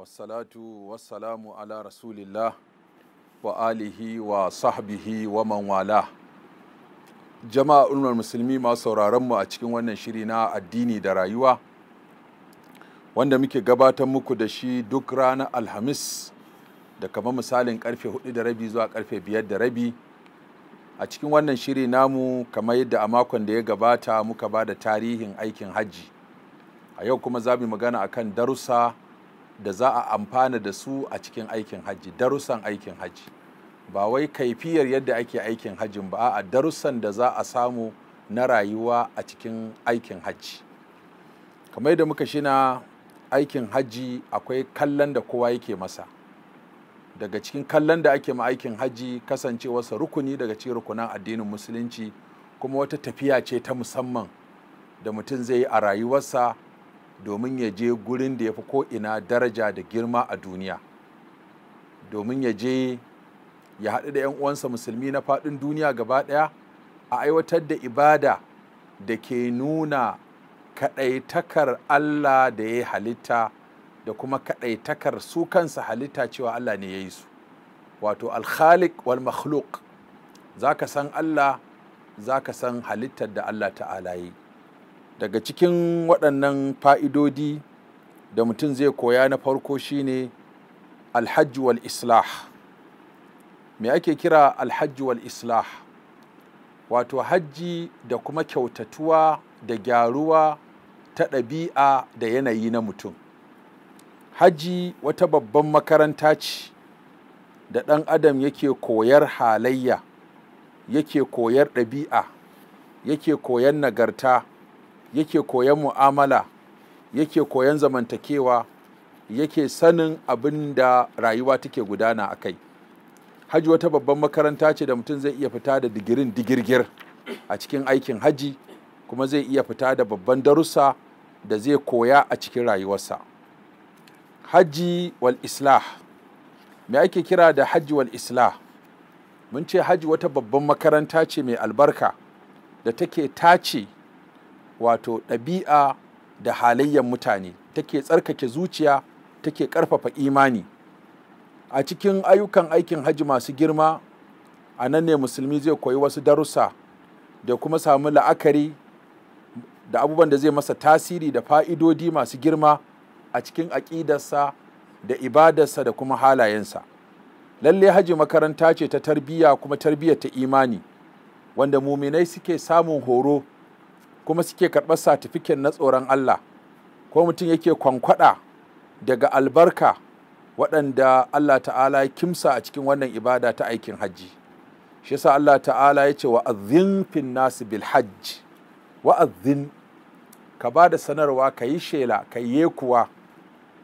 wassalatu wassalamu ala rasulillah wa alihi wa sahbihi wa man wala jama'a ulmar musulmi masu sauraron mu a cikin wannan shiri na addini da rayuwa wanda muke gabatar muku da shi duk ranar alhamis da kamar misalin karfe 4 da rabi zuwa karfe 5 da rabi a cikin wannan shiri namu kamar yadda a makon da ya gabata muka ba da tarihin aikin hajji a yau kuma za mu magana akan darussa da za a amfana da su a cikin aikin hajji darussan aikin hajji ba wai kaifiyar yadda ake aikin hajjin ba a darussan da za a samu na rayuwa a cikin aikin hajji kamar da muka shina aikin hajji akwai kallon da kowa yake masa daga cikin kallon da ake ma aikin hajji kasancewarsa rukuni daga cikin rukunan addinin musulunci kuma wata tafiya ce ta musamman da mutum zai yi a rayuwarsa domin ya je gurin da ya fi ko'ina daraja da girma a duniya domin ya je ya haɗu da 'yan uwansa musulmi na faɗin duniya gaba ɗaya a aiwatar da ibada da ke nuna kaɗaitakar Allah da ya halitta da kuma kaɗaitakar su kansa halitta cewa Allah ne ya yi su wato alkhalik wal makhluk za ka san Allah za ka san halittar da Allah ta'ala yi daga cikin waɗannan fa'idodi da mutum zai koya na farko shine ne wal islah me ake kira alhaji wal islah wato hajji da kuma kyautatuwa da gyaruwa ta ɗabi'a da yanayi na mutum hajji wata babban makaranta ce da ɗan adam yake koyar halayya yake koyar ɗabi'a yake koyar nagarta yake koyan mu'amala yake koyan zamantakewa yake sanin abin da rayuwa take gudana a kai hajji wata babban makaranta ce da mutum zai iya fita da digirin digirgir a cikin aikin hajji kuma zai iya fita da babban darussa da zai koya a cikin rayuwarsa hajji wal islah me ake kira da hajji wal islah mun ce hajji wata babban makaranta ce mai albarka da take tace wato ɗabi'a da halayyar mutane take tsarkake zuciya take ƙarfafa imani a cikin ayyukan aikin hajji masu girma a nan ne musulmi zai koyi wasu darussa da kuma samu la'akari da abubuwan da zai masa tasiri da fa'idodi masu girma a cikin aƙidarsa da ibadarsa da kuma halayensa lalle haji makaranta ce ta tarbiyya kuma tarbiyyar ta imani wanda muminai suke samun horo kuma suke karɓar satifiken na tsoron Allah ko mutum yake kwankwada daga albarka waɗanda Allah ta'ala ya kimsa a cikin wannan ibada ta aikin hajji shi yasa Allah ta'ala ya ce wa azin fin nasu bil wa azin ka ba da sanarwa ka yi shela ka yi kuwa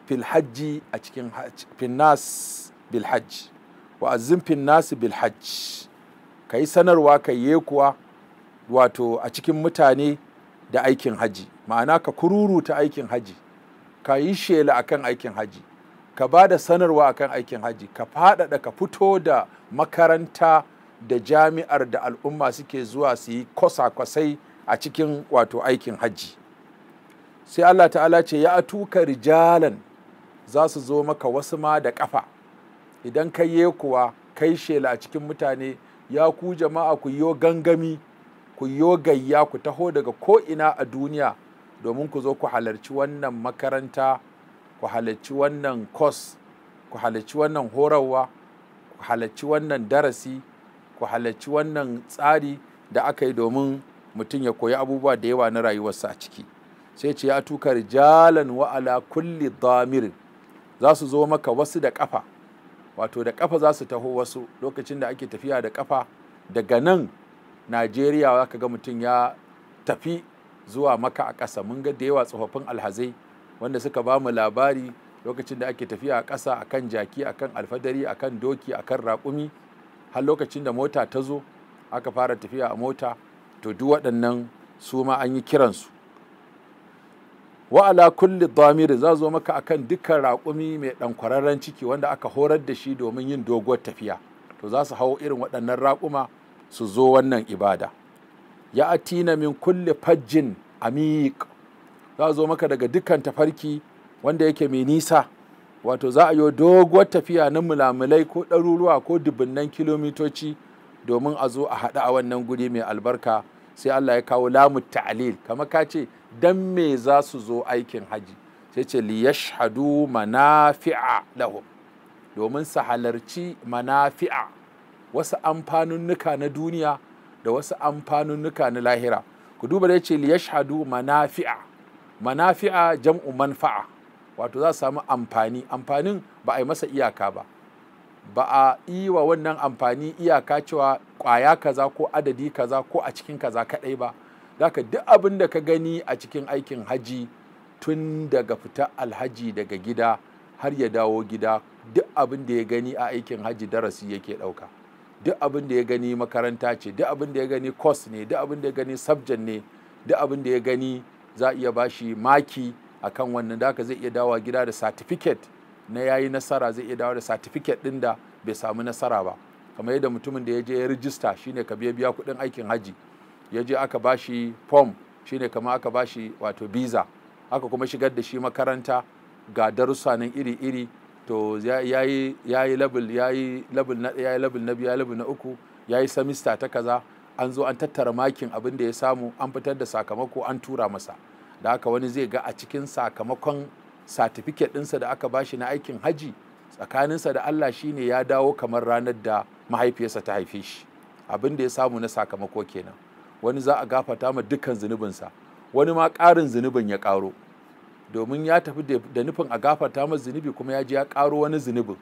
fil hajji a cikin fin nas bil hajj wa azin fin nasu bil ka yi sanarwa ka yi kuwa wato a cikin mutane da aikin haji ma'ana ka kururuta aikin haji ka yi shela akan aikin haji ka ba da sanarwa akan aikin haji ka faɗaɗa ka fito da makaranta da jami'ar da al'umma suke zuwa su yi kwasa-kwasai a cikin wato aikin haji sai allah ta'ala ce ya atuka rijalan za su zo maka wasu ma da ƙafa idan ka yi kuwa kai shela a cikin mutane ya ku jama'a ku yi gangami ku yo gayya ku taho daga ko'ina a duniya domin ku zo ku halarci wannan makaranta ku halarci wannan kos ku halarci wannan horarwa ku halarci wannan darasi ku halarci wannan tsari da aka yi domin mutum ya koyi abubuwa da yawa na rayuwarsa a ciki sai ce ya tuka rijalan wa'ala ala kulli damir za su zo maka wasu da kafa wato da kafa za su taho wasu lokacin da ake tafiya da kafa daga nan najeriya za ka ga mutum ya tafi zuwa maka a ƙasa mun ga da yawa tsofaffin alhazai wanda suka ba mu labari lokacin da ake tafiya a ƙasa akan jaki akan alfadari akan doki akan raƙumi har lokacin da mota ta zo aka fara tafiya a mota to duk waɗannan su ma an yi kiransu wa ala kulli damir za zo maka akan dukkan raƙumi mai ɗankwararren ciki wanda aka horar da shi domin yin doguwar tafiya to za su hau irin waɗannan raƙuma su zo wannan ibada ya atina min kulle fajjin amiq za zo maka daga dukkan tafarki wanda yake mai nisa wato za a yi doguwar tafiya na mulamulai ko ɗaruruwa ko dubunnan kilomitoci domin a zo a haɗa a wannan guri mai albarka sai Allah ya kawo lamu ta'alil. kama ka ce dan me za su zo aikin haji sai ce li yashhadu manafi'a domin su halarci manafi'a wasu amfanunnuka na duniya da wasu amfanunnuka na lahira ku duba da ya ce liyashhadu manafi'a manafi'a jam'u manfa'a wato za su samu amfani amfanin ba a yi masa iyaka ba ba a yi wa wannan amfani iyaka cewa kwaya kaza ko adadi kaza ko a cikin kaza kadai ba Za ka duk abin da ka gani a cikin aikin haji tun daga fita alhaji daga gida har ya dawo gida duk abin da ya gani a aikin haji darasi yake ɗauka. duk abin da ya gani makaranta ce duk abin da ya gani kos ne duk abin da ya gani subject ne duk abin da ya gani za a iya shi maki akan wannan da zai iya dawa gida da satifiket na ya yi nasara zai iya dawa da satifiket ɗin da bai samu nasara ba kamar yadda mutumin da ya je ya rijista shine ka biya biya kuɗin aikin hajji. ya je aka bashi form shine kama aka bashi wato biza aka kuma shigar da shi makaranta ga darussa nan iri-iri to ya yi labul ya na biyu ya yi labul na uku ya yi semester ta kaza an zo an tattara makin abin da ya samu an fitar da sakamako an tura masa da haka wani zai ga a cikin sakamakon satifiket ɗinsa da aka bashi na aikin haji tsakaninsa da Allah shine ya dawo kamar ranar da mahaifiyarsa ta haife shi abin da ya samu na sakamako kenan wani za a gafata ma dukkan zunubinsa wani ma ƙarin zunubin ya ƙaro domin ya tafi da nufin a gafarta masa zunubi kuma ya je ya karo wani zunubin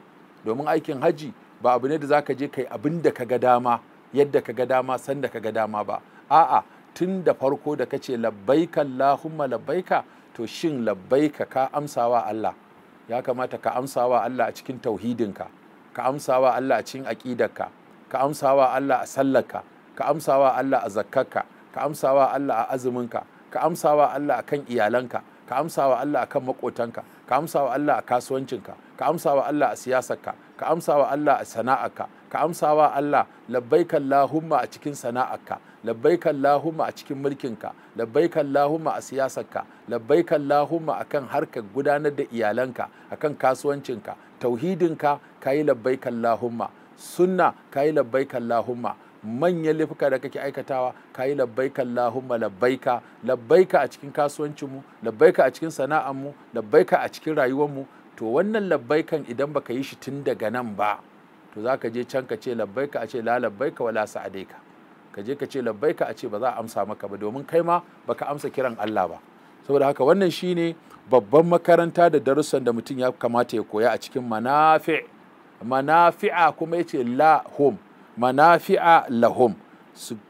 domin aikin haji ba abu ne da za ka je kai abin da ka ga dama yadda ka ga dama sanda ka ga dama ba a'a tun da farko da ka ce labbaika Allahumma labbaika to shin labbaika ka amsawa Allah ya kamata ka amsawa Allah a cikin tauhidinka ka amsawa Allah a cikin aqidarka ka amsawa Allah a sallarka ka amsawa Allah a zakkarka ka amsawa Allah a azuminka ka amsawa Allah a kan iyalanka ka amsa wa Allah akan makotanka ka amsa wa Allah a kasuwancinka ka amsa wa Allah a siyasarka ka amsa wa Allah a sana'arka ka amsa wa Allah labbaika Allahumma a cikin sana'arka labbaika Allahumma a cikin mulkinka labbaika Allahumma a siyasarka labbaika Allahumma akan harkar gudanar da iyalanka akan kasuwancinka tauhidinka kayi labbaika Allahumma sunna kayi labbaika Allahumma manyan laifuka da kake aikatawa ka yi labbaika Allahumma labbaika labbaika a cikin kasuwancinmu labbaika a cikin sana'armu labbaika a cikin rayuwarmu to wannan labbaikan idan baka yi shi tun daga nan ba to za ka je can ka ce labbaika a ce la labbaika wala sa'adaika ka je ka ce labbaika a ce ba za a amsa maka ba domin kai ma baka amsa kiran Allah ba saboda haka wannan shine babban makaranta da darussan da mutum ya kamata ya koya a cikin manafi manafi'a kuma yace la home manafi'a lahum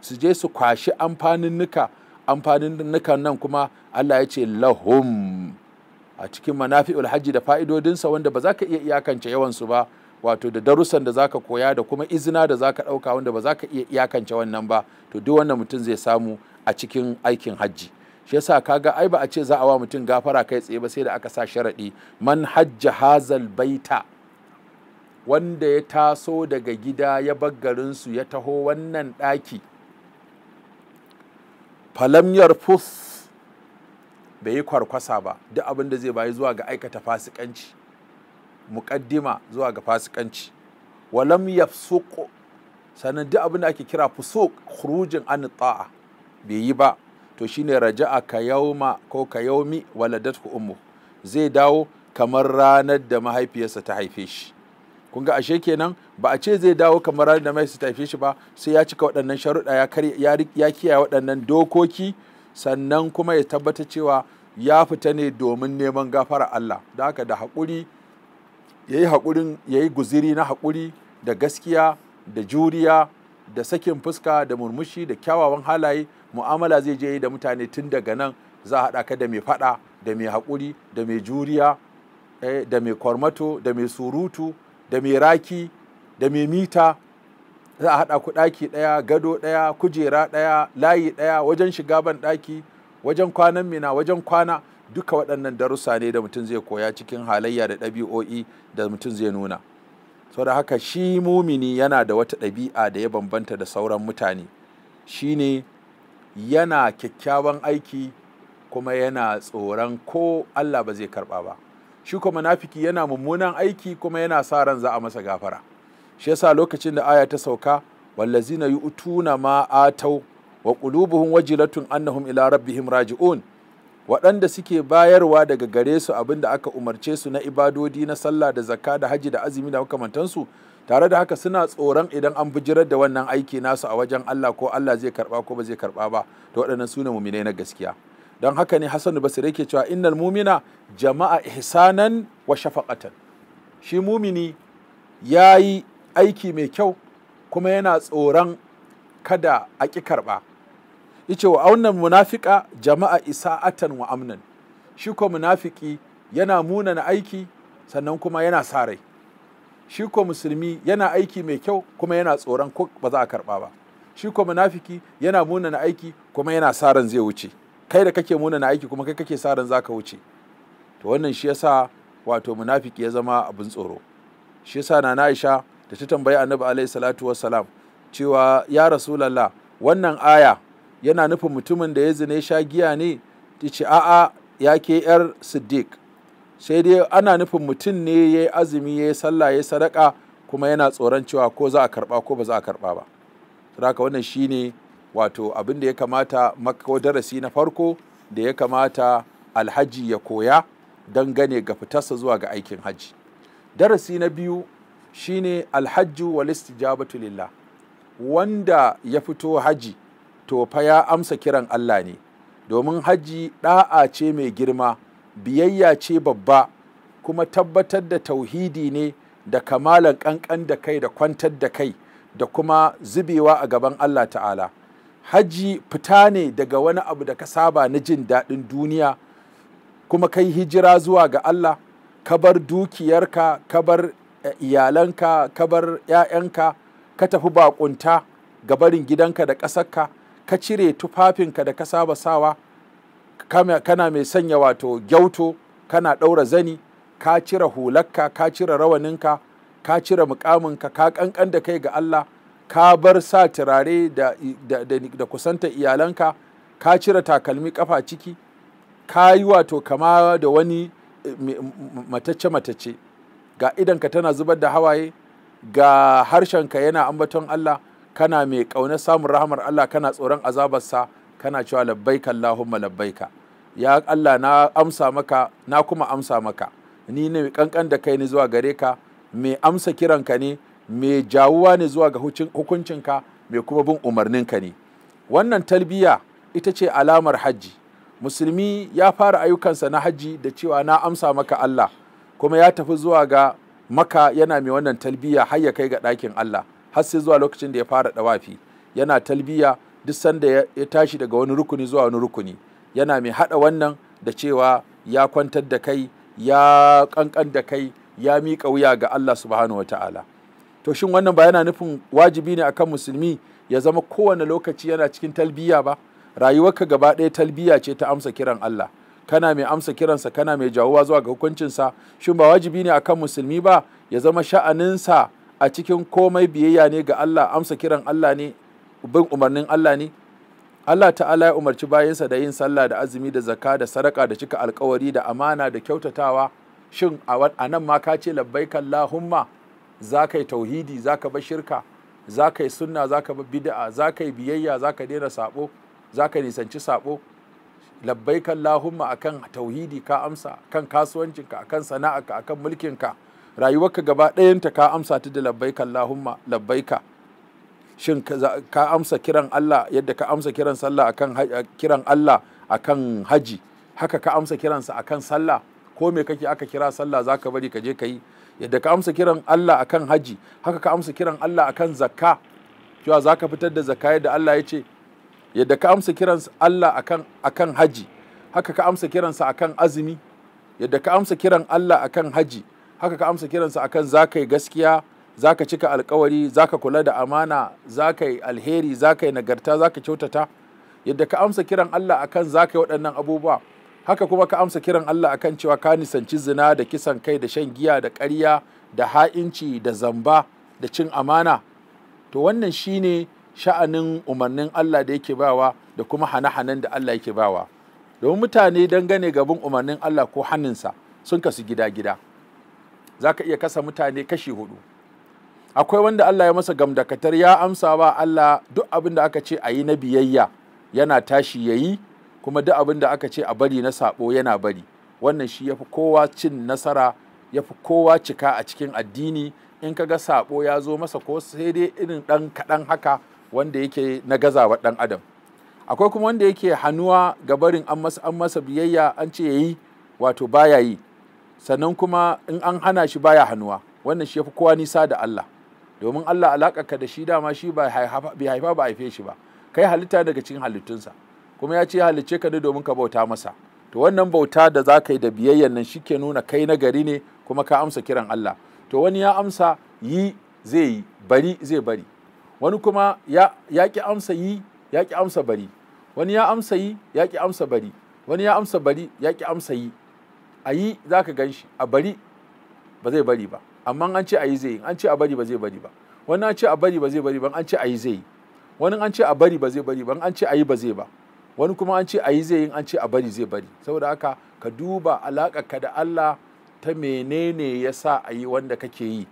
su je su kwashi amfanin nuka amfanin nan kuma Allah ya ce lahum a cikin manafi'ul hajji da fa'idodinsa wanda ba za ka iya iyakance yawansu ba wato da darussan da zaka koya da kuma izina da zaka ɗauka wanda ba za ka iya iyakance wannan ba to duk wannan mutum zai samu a cikin aikin hajji shi yasa kaga ai ba a ce za a wa mutum gafara kai tsaye ba sai da aka sa sharaɗi man hajja hazal baita wanda ya taso daga gida ya baggarinsu ya taho wannan ɗaki falam fus bai yi kwarkwasa ba duk abin da zai bayi zuwa ga aikata fasikanci muƙaddima zuwa ga fasikanci walam yafsuq sannan duk abin da ake kira fuso kurujin an ta'a bai yi ba to shine raja'a ka yauma ko ka yaumi waladatku ummu zai dawo kamar ranar da mahaifiyarsa ta haife shi kun ga ashe kenan ba a ce zai dawo kamar da mai su tafi shi ba sai ya cika waɗannan sharuɗa ya kiyaye waɗannan dokoki sannan kuma ya tabbata cewa ya fita ne domin neman gafara Allah da haka da haƙuri ya yi haƙurin ya yi guziri na haƙuri da gaskiya da juriya da sakin fuska da murmushi da kyawawan halaye mu'amala zai je yi da mutane tun daga nan za a haɗa ka da mai faɗa da mai haƙuri da mai juriya eh, da mai kwarmato da mai surutu da mai raki da mai mita za a haɗa ku ɗaki ɗaya gado ɗaya kujera ɗaya layi ɗaya wajen shiga ban ɗaki wajen kwanan mina wajen kwana duka waɗannan darussa ne da mutum zai koya cikin halayya da ɗabi'o'i da mutum zai nuna da haka shi mumini yana da wata ɗabi'a da ya bambanta da sauran mutane Shi ne yana kyakkyawan aiki kuma yana tsoron ko Allah ba zai karɓa ba shi kuma munafiki yana mummunan aiki kuma yana sa ran za a masa gafara shi yasa lokacin da aya ta sauka wallazina yu'tuna ma atau wa qulubuhum wajilatun annahum ila rabbihim raji'un waɗanda suke bayarwa daga gare su abin da aka umarce su na ibadodi na sallah da zakka da haji da azumi da makamantansu tare da haka suna tsoron idan an bijirar da wannan aiki nasu a wajen Allah ko Allah zai karba ko ba zai karba ba to waɗannan su ne muminai na gaskiya don haka ne Hassan Basri yake cewa innal mumina jama'a ihsanan wa shafaqatan shi mumini yi aiki mai kyau kuma yana tsoron kada a ƙi karɓa ice wa aunan munafika jama'a isa'atan wa amnan shi ko munafiki yana munana aiki sannan kuma yana sarai. rai shi ko musulmi yana aiki mai kyau kuma yana tsoron ko ba za a karɓa ba shi ko munafiki yana munana aiki kuma yana sa zai wuce kai da kake munana aiki kuma kai kake sa ran zaka wuce to wannan shi yasa wato munafiki ya zama abin tsoro shi yasa na Aisha da ta tambayi Annabi alaihi salatu wassalam cewa ya Rasulullah wannan aya yana nufin mutumin da ya zine sha giya ne ta ce a'a ya ke yar siddiq sai dai ana nufin mutum ne ya yi azumi ya yi sallah ya yi sadaka kuma yana tsoron cewa ko za a karba ko ba za a karba ba. Saboda wannan shine wato abin da ya kamata mako darasi na farko da ya kamata alhaji ya koya don gane ga fitarsa zuwa ga aikin haji darasi na biyu shine Alhaji wal istijabatu wanda ya fito haji to fa ya amsa kiran Allah ne domin haji ɗa'a ce mai girma biyayya ce babba kuma tabbatar da tauhidi ne da kamalan ƙanƙan da kai da kwantar da kai da kuma zubewa a gaban Allah ta'ala hajji fita ne daga wani abu da ka saba na jin daɗin duniya kuma kai hijira zuwa ga Allah ka bar dukiyarka ka bar eh, iyalanka ka bar 'ya'yanka ka tafi baƙunta ga barin gidanka da ƙasarka ka cire tufafinka da ka saba sawa kana mai sanya wato gyauto kana ɗaura zani ka cire hularka ka cire rawaninka ka cire mukaminka ka ƙanƙan da kai ga Allah ka bar sa turare da, da, da, da kusanta iyalanka ka cire takalmi kafa ciki ka yi wato kama da wani eh, matace-matace. ga idanka tana zubar da hawaye ga harshenka yana ambaton Allah kana mai ƙaunar samun rahamar Allah kana tsoron azabarsa kana cewa labbaika Allahumma labbaika ya Allah na amsa maka na kuma amsa maka ni ne kankan da kai ni zuwa gare ka mai amsa kiranka ne mai jawuwa ne zuwa ga hukuncinka mai kuma bin umarninka ne wannan talbiya ita ce alamar hajji musulmi ya fara ayyukansa na hajji da cewa na amsa maka Allah kuma ya tafi zuwa ga maka yana mai wannan talbiya har ya kai ga ɗakin Allah har sai zuwa lokacin da ya fara ɗawafi yana talbiya duk sanda ya tashi daga wani rukuni zuwa wani rukuni yana mai haɗa wannan da cewa ya kwantar da kai ya ƙanƙan da kai ya miƙa wuya ga Allah subhanahu wa ta'ala to shin wannan ba yana nufin wajibi ne akan musulmi ya zama kowane lokaci yana cikin talbiya ba rayuwarka gaba ɗaya talbiya ce ta amsa kiran Allah kana mai amsa kiransa kana mai jawowa zuwa ga hukuncinsa shin ba wajibi ne akan musulmi ba ya zama sha'aninsa a cikin komai biyayya ne ga Allah amsa kiran Allah ne bin umarnin Allah ne Allah ta'ala ya umarci bayansa da yin sallah da azumi da zakka da sadaka da cika alkawari da amana da kyautatawa shin a nan ma ka ce kalla Allahumma za ka yi tauhidi za ka bar shirka za ka yi sunna za ka bar Bida'a, za ka yi biyayya za ka daina sabo za ka nisanci sabo labbaika a akan tauhidi ka amsa kan kasuwancinka akan sana'arka akan mulkinka rayuwarka gaba ɗayanta ka amsa ta da labbaika labbai ka. shin ka amsa kiran Allah yadda ka amsa kiran sallah akan kiran Allah akan haji haka ka amsa kiransa akan sallah ko me kake aka kira sallah zaka bari ka je ka yi yadda ka amsa kiran Allah akan haji haka ka amsa kiran Allah akan zakka cewa za ka fitar da zakka yadda Allah ya ce yadda ka amsa kiran Allah akan akan haji haka ka amsa kiransa akan azumi yadda ka amsa kiran Allah akan haji haka ka amsa kiransa akan za gaskiya za cika alkawari za kula da amana za alheri za nagarta za kyautata yadda ka amsa kiran Allah akan za yi waɗannan abubuwa haka kuma ka amsa kiran Allah akan cewa ka nisanci zina da kisan kai da shan giya da ƙarya da ha'inci da zamba da cin amana to wannan shine sha'anin umarnin Allah da yake bawa da kuma hane-hanen da Allah yake bawa domin mutane dangane gaban umarnin Allah ko hannunsa sun kasu gida-gida za ka iya kasa mutane kashi hudu akwai wanda Allah ya masa gamdakatar ya amsa ba Allah duk abin da aka ce a yi na biyayya yana tashi ya yi kuma duk abin da aka ce a bari na sabo yana bari wannan shi yafi kowa cin nasara yafi kowa cika a cikin addini in ka ga sabo ya zo masa ko sai dai irin ɗan kaɗan haka wanda yake na gazawa ɗan adam akwai kuma wanda yake hannuwa ga barin an masa an masa biyayya an ce yayi wato baya yi sannan kuma in an hana shi baya hannuwa wannan shi yafi kowa nisa da Allah domin Allah ka da shi dama shi bai haifa ba haife shi ba kai halitta daga cikin halittunsa kuma ya ce ya halicce ka ne domin ka bauta masa to wannan bauta da za ka yi da biyayyan nan shi ke nuna kai na gari ne kuma ka amsa kiran Allah to wani ya amsa yi zai yi bari zai bari wani kuma ya ki amsa yi ya ki amsa bari wani ya amsa yi ya ki amsa bari wani ya amsa bari ya ki amsa yi a yi za ka gan shi a bari ba zai bari ba amma an ce a yi zai yi an ce a bari ba zai bari ba wani an ce a bari ba zai bari ba an ce a yi zai yi wani an ce a bari ba zai bari ba an ce a yi ba zai ba wani kuma an ce a yi zai yi an ce a bari zai bari saboda haka ka duba ka da Allah ta menene ya sa a yi wanda kake yi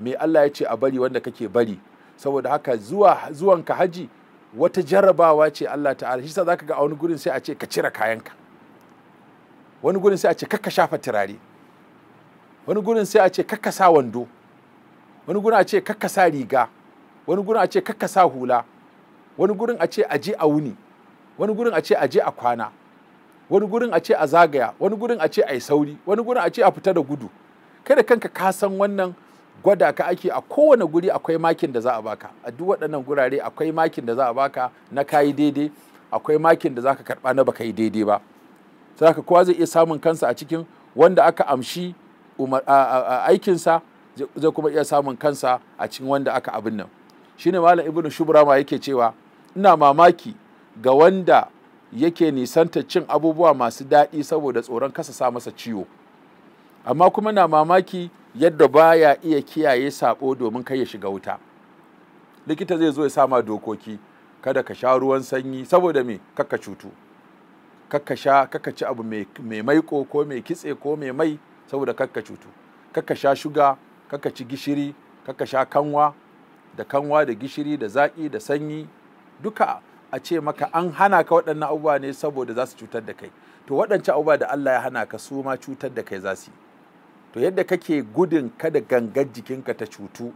me Allah ya ce a bari wanda kake bari saboda haka zuwa zuwanka haji wata jarrabawa ce Allah ta'ala shi sa zaka ga a wani gurin sai a ce ka cire kayanka wani gurin sai a ce kakka shafa turare wani gurin sai a ce kakka sa wando wani gurin a ce kakka sa riga wani gurin a ce kakka sa hula wani gurin a ce aje a wuni wani gurin a ce a je a kwana wani gurin a ce a zagaya wani gurin a ce a yi sauri wani gurin a ce a fita da gudu kai da kanka ka san wannan gwada ka ake a kowane guri akwai makin da za a baka a duk waɗannan gurare akwai makin da za a baka na kayi daidai akwai makin da za ka karɓa na baka yi daidai ba sai ka kowa zai iya samun kansa a cikin wanda aka amshi aikinsa zai kuma iya samun kansa a cikin wanda aka abin nan shine malam ibnu shubra ma yake cewa ina mamaki ga wanda yake nisanta cin abubuwa masu daɗi saboda tsoron kasa sa masa ciwo amma kuma na mamaki yadda baya iya kiyaye sabo domin kai ya shiga wuta likita zai zo ya sama dokoki kada ka sha ruwan sanyi saboda me kakka cutu kakka sha kakka ci abu mai maiko ko mai kitse ko mai mai saboda kaka cutu kakka sha shuga kakka ci gishiri kaka sha kanwa da kanwa da gishiri da zaƙi da sanyi duka a ce maka an hana ka waɗannan abubuwa ne saboda za su cutar da kai to waɗancan abubuwa da Allah ya hana ka su ma cutar da kai za su yi to yadda kake gudun kada gangar jikinka ta cutu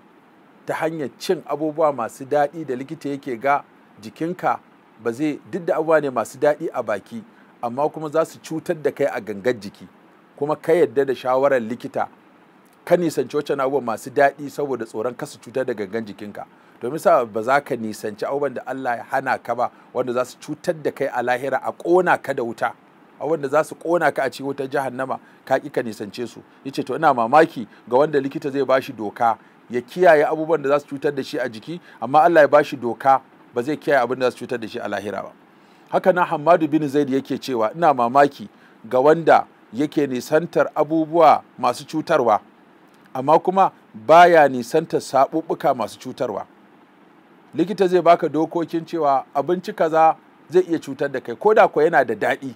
ta hanyar cin abubuwa masu daɗi da likita yake ga jikinka ba zai duk da abubuwa ne masu daɗi a baki amma kuma za su cutar da kai a gangar jiki kuma ka yadda da shawarar likita ka nisanci wacce abubuwa masu daɗi saboda tsoron kasu cutar da gangan jikinka domin sa ba za ka nisanci abubuwan da Allah ya hana ka ba wanda za su cutar da kai a lahira a kona ka da wuta abubuwan da za su ƙona ka a cikin wutar jahannama ka ƙi ka nisance su yace to ina mamaki ga wanda likita zai ba shi doka ya kiyaye abubuwan da za su cutar da shi a jiki amma Allah ya bashi doka ba zai kiyaye abin da za su cutar da shi a lahira ba haka na Hammadu bin Zaid yake cewa ina mamaki ga wanda yake nisantar abubuwa masu cutarwa amma kuma baya nisantar saɓuɓɓuka masu cutarwa likita zai baka dokokin cewa abinci kaza zai iya cutar da kai ko da ku yana da daɗi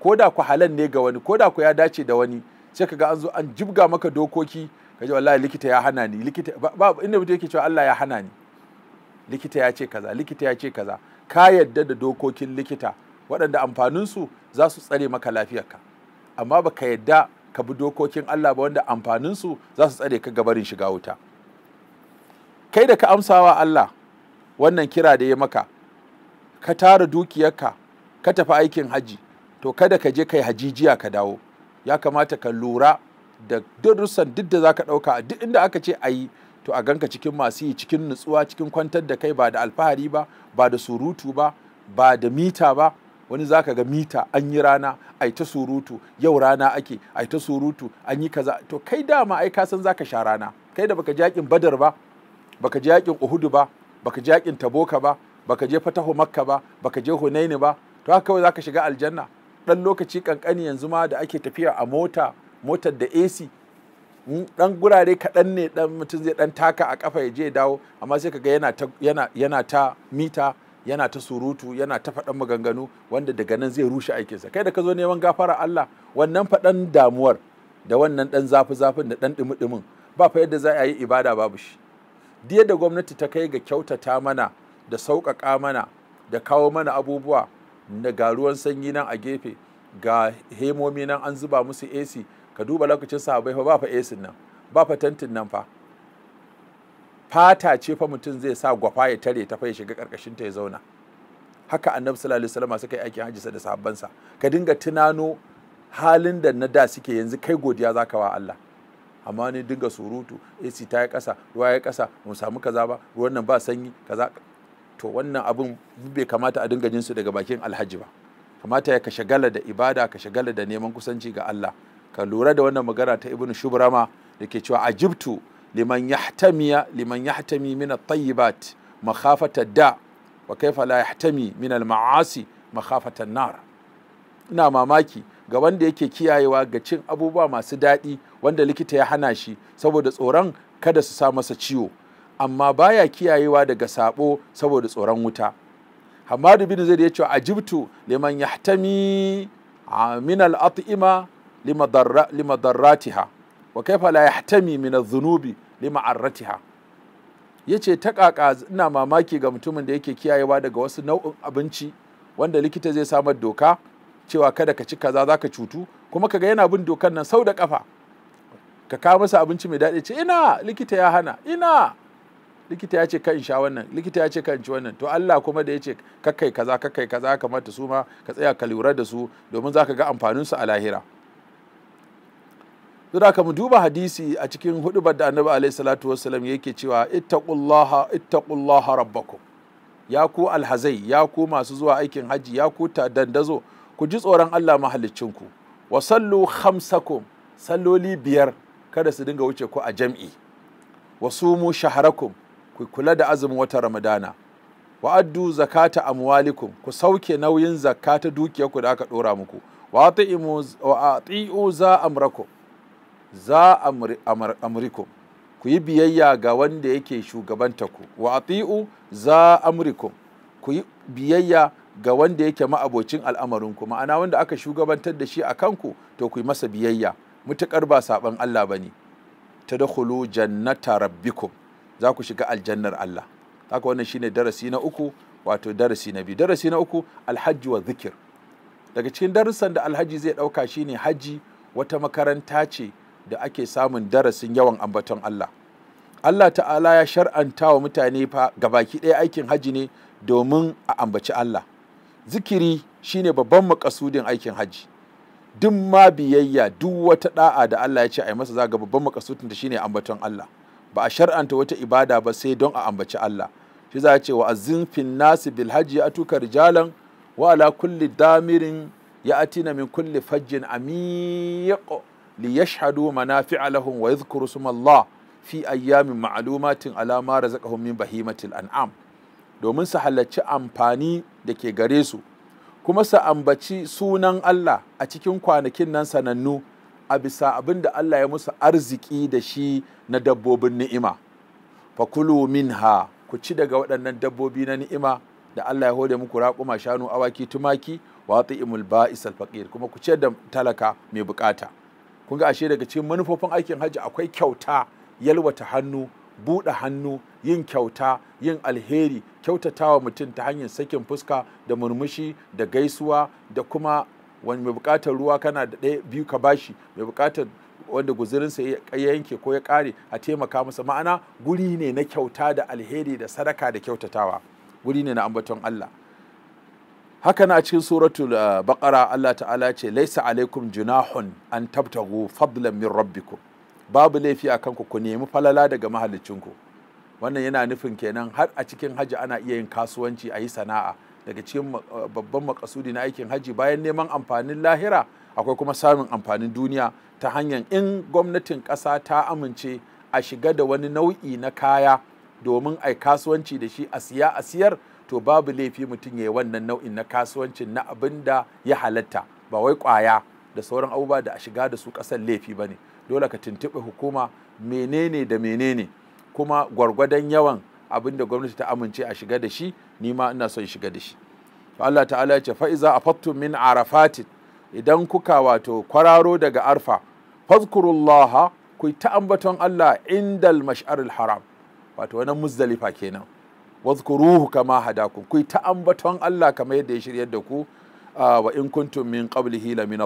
ko da ku halal ne ga wani ko da ku ya dace da wani sai ga an zo an jibga maka dokoki Ka ji wallahi likita ya hana ni likita ba inda mutum yake cewa Allah ya hana ni likita ya ce kaza likita ya ce kaza ka yadda da dokokin likita waɗanda amfaninsu za su tsare maka lafiyarka amma ba ka yadda ka bi dokokin Allah ba wanda amfaninsu za su tsare ka gabarin shiga wuta kai da ka amsawa Allah wannan kira da ya maka ka tara dukiyarka ka tafi aikin haji to kada ka je kai hajijiya ka dawo ya kamata ka lura da darussan duk da za ka ɗauka duk inda aka ce a yi to a ganka cikin masu yi cikin nutsuwa cikin kwantar da kai ba da alfahari ba ba da surutu ba ba da mita ba wani za ka ga mita an yi rana yi ta surutu yau rana ake yi ta surutu an yi kaza to kai dama ai ka san za ka sha rana kai da baka ji yaƙin badar ba baka ji yaƙin uhudu ba baka je yakin taboka ba baka je fatahu makka ba baka je hunaini ba to haka kawai zaka shiga aljanna dan lokaci kankani yanzu ma da ake tafiya a mota motar da AC hmm, dan gurare kaɗan ne dan mutum zai dan taka a kafa ya je ya dawo amma sai kaga yana ta yana yana ta mita yana ta surutu yana ta faɗan maganganu wanda daga nan zai rushe aikinsa kai da ka zo neman gafara Allah wannan faɗan damuwar da wannan ɗan zafi zafin da ɗan ɗumi ɗumin ba fa yadda za a yi ibada babu shi Jiya da gwamnati ta kai ga kyautata mana da sauƙaƙa mana da kawo mana abubuwa da garuwan ruwan sanyi nan a gefe ga hemomi nan an zuba musu AC ka duba lokacin sabai fa ba fa AC nan ba fa tantin nan fa fata ce fa mutum zai sa gwafa ya tare ta fa ya shiga karkashin ta ya zauna haka annabi sallallahu alaihi wasallam suka yi aikin hajji da sa ka dinga tunano halin da na da suke yanzu kai godiya zaka wa Allah amma ne dinga surutu AC ta yi kasa ruwa ya kasa mu samu kaza ba ruwan nan ba sanyi kaza to wannan abun bai kamata a dinga jin su daga bakin alhaji ba kamata ya ka shagala da ibada ka shagala da neman kusanci ga Allah ka lura da wannan magana ta ibnu shubrama da ke cewa ajibtu liman yahtamiya liman yahtami min at-tayyibat makhafata da wa kaifa la yahtami min al-ma'asi makhafata nar ina mamaki ga wanda yake kiyayewa ga cin abubuwa masu daɗi wanda likita ya hana shi saboda tsoron kada su sa masa ciwo amma baya kiyayewa daga sabo saboda tsoron wuta hamadu bin zaid ya ce Jibtu liman yahtami min al-at'ima ha. wa kaifa la yahtami min adh-dhunubi lima'arratiha yace ta kaka ina mamaki ga mutumin da yake kiyayewa daga wasu nau'in abinci wanda likita zai samar doka cewa kada ka ci kaza zaka cutu kuma kaga yana bin dokan nan sau da kafa ka kawo masa abinci mai daɗi ce ina likita ya hana ina likita ya ce ka in sha wannan likita ya ce ka in ci wannan to Allah kuma da ya ce kai kaza kakai kaza kamata su ma ka tsaya ka lura da su domin za ka ga amfanin su a lahira don ka mu duba hadisi a cikin hudubar da annabi alaihi salatu wassalam yake cewa ittaqullaha ittaqullaha rabbakum ya ku alhazai ya ku masu zuwa aikin haji, ya ku dandazo ku ji tsoron Allah mahaliccinku wa sallu khamsakum salloli biyar kada su dinga wuce ku a jam'i wasu mu shaharakum ku kula da azumin wata ramadana wa addu zakata amwalikum ku sauke nauyin zakata dukiyarku da aka dora muku wa ati'u za amrakum za amrikum ku yi biyayya ga wanda yake shugabanta ku wa ati'u za amrikum ku yi biyayya ga wanda yake ma'abocin al'amarinku ma'ana wanda aka shugabantar da shi a kanku to ku yi masa biyayya Mutuƙar ba saɓon Allah ba ne ta da hulu jannata rabbikum za ku shiga aljannar Allah haka wannan shine darasi na uku wato darasi na biyu darasi na uku alhaji wa zikir daga cikin darussan da alhaji zai ɗauka shine haji wata makaranta ce da ake samun darasin yawan ambaton Allah Allah ta'ala ya shar'anta wa mutane fa baki ɗaya aikin haji ne domin a ambaci Allah zikiri shine babban makasudin aikin haji duk ma biyayya duk wata da'a da Allah ya ce a yi masa zaga babban makasutun da shine ambaton Allah ba a shar'anta wata ibada ba sai don a ambaci Allah shi za ce wa azin fin nasi bil hajji atuka rijalan wa ala kulli damirin ya atina min kulli fajjin amiq li yashhadu manafi'a lahum wa yadhkuru sumallah fi ayyamin ma'lumatin ala ma razaqahum min bahimatil an'am domin su halarci amfani da ke gare su kuma su ambaci sunan Allah a cikin kwanakin nan sanannu a bisa abin da Allah ya musu arziki da shi na dabbobin ni'ima fakulu minha ku ci daga waɗannan dabbobi na ni'ima da Allah ya hode muku raƙuma shanu awaki tumaki wa imul ba'is alfaqir kuma ku ciyar da talaka mai bukata kun ga ashe daga cikin manufofin aikin hajji akwai kyauta yalwata hannu buɗe hannu yin kyauta yin alheri kyautatawa mutum ta hanyar sakin fuska da murmushi da gaisuwa da kuma wani mai buƙatar ruwa kana da ɗaya biyu ka bashi mai buƙatar wanda guzurinsa ya yanke ko ya ƙare a taimaka masa ma'ana guri ne na kyauta da alheri da sadaka da kyautatawa guri ne na ambaton Allah haka na cikin suratul eh, baqara Allah ta'ala ce laisa alaikum junahun an tabtagu fadlan min rabbikum babu laifi a kanku ku nemi falala daga mahalicinku wannan yana nufin kenan har a cikin haji ana iya yin kasuwanci a yi sana'a daga cikin eh, babban makasudi na aikin haji bayan neman amfanin lahira akwai kuma samun amfanin duniya ta hanyar in gwamnatin ƙasa ta amince a shiga da wani nau'i na kaya domin a kasuwanci da shi a siya a siyar to babu laifi mutum ya yi wannan nau'in na kasuwancin na abin da ya halatta ba wai kwaya da sauran abubuwa da a shiga da su ƙasar laifi ba ne dole ka tuntuɓi hukuma menene da menene kuma gwargwadon yawan abin da gwamnati ta amince a shiga da shi ni ma ina son shiga da shi to Allah ta'ala ya ce fa iza afattum min arafatin idan kuka wato kwararo daga arfa fazkurullaha ku ta ambaton Allah indal mash'aril haram wato wannan muzdalifa kenan wazkuruhu kama hadakum ku ta ambaton Allah kamar yadda ya shiryar da ku ah, wa in kuntum min qablihi la min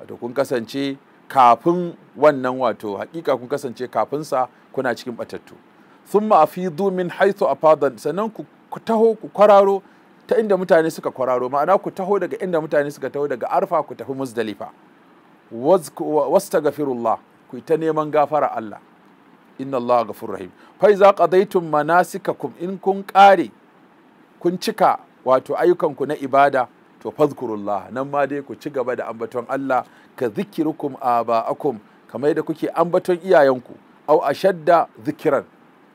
wato kun kasance kafin wannan wato hakika kun kasance kafin sa kuna cikin batattu thumma afidu min a afadan sannan ku taho ku kwararo ta inda mutane suka kwararo ma'ana ku taho daga inda mutane suka taho daga arfa ku tafi muzdalifa wastaghfirullah ku ta neman gafara Allah inna Allah ghafur rahim fa iza qadaytum manasikakum in kun kare kun cika wato ayyukan ku na ibada to fadhkurullah nan ma dai ku ci gaba da ambaton Allah ka zikirukum aba'akum kamar yadda kuke ambaton iyayenku au ashadda zikiran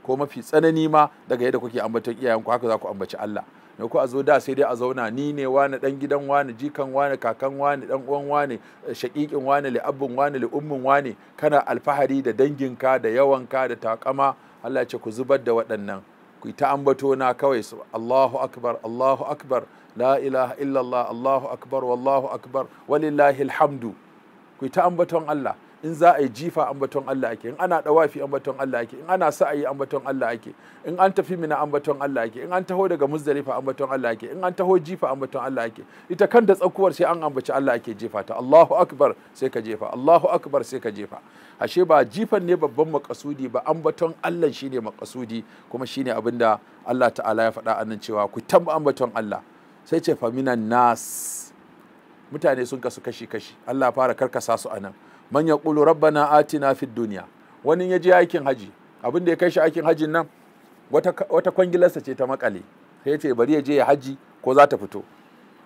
ko mafi tsanani ma daga yadda kuke ambaton iyayenku haka za ku ambaci Allah ne ku a zo da sai dai a zauna ni ne wani dan gidan wani jikan wani kakan wani dan uwan wani shaqiqin wani abun wani ummun wani kana alfahari da danginka da yawan ka da takama Allah ya ce ku zubar da waɗannan ku ta ambato na kawai Allahu akbar Allahu akbar la ilaha illallah Allahu akbar wallahu akbar walillahi alhamdu ku ta ambaton Allah in za a yi jifa ambaton Allah ake in ana dawafi ambaton Allah ake in ana sa'ayi ambaton Allah ake in an tafi mina ambaton Allah ake in an taho daga muzdalifa ambaton Allah ake in an taho jifa ambaton Allah ake ita kan da tsakuwar sai an ambaci Allah ake jefa ta Allahu akbar sai ka jefa Allahu akbar sai ka jefa ashe ba jifan ne babban makasudi ba ambaton Allah shine makasudi kuma shine abinda Allah ta'ala ya faɗa annan cewa ku tamba ambaton Allah sai ce faminan nas mutane sun kasu kashi-kashi Allah fara karkasa su anan man ya ƙulu rabbana atina fid duniya wani ya je aikin haji abin ya kai shi aikin hajin nan wata, wata kwangilarsa ce ta makale sai ce bari ya je ya haji ko za ta fito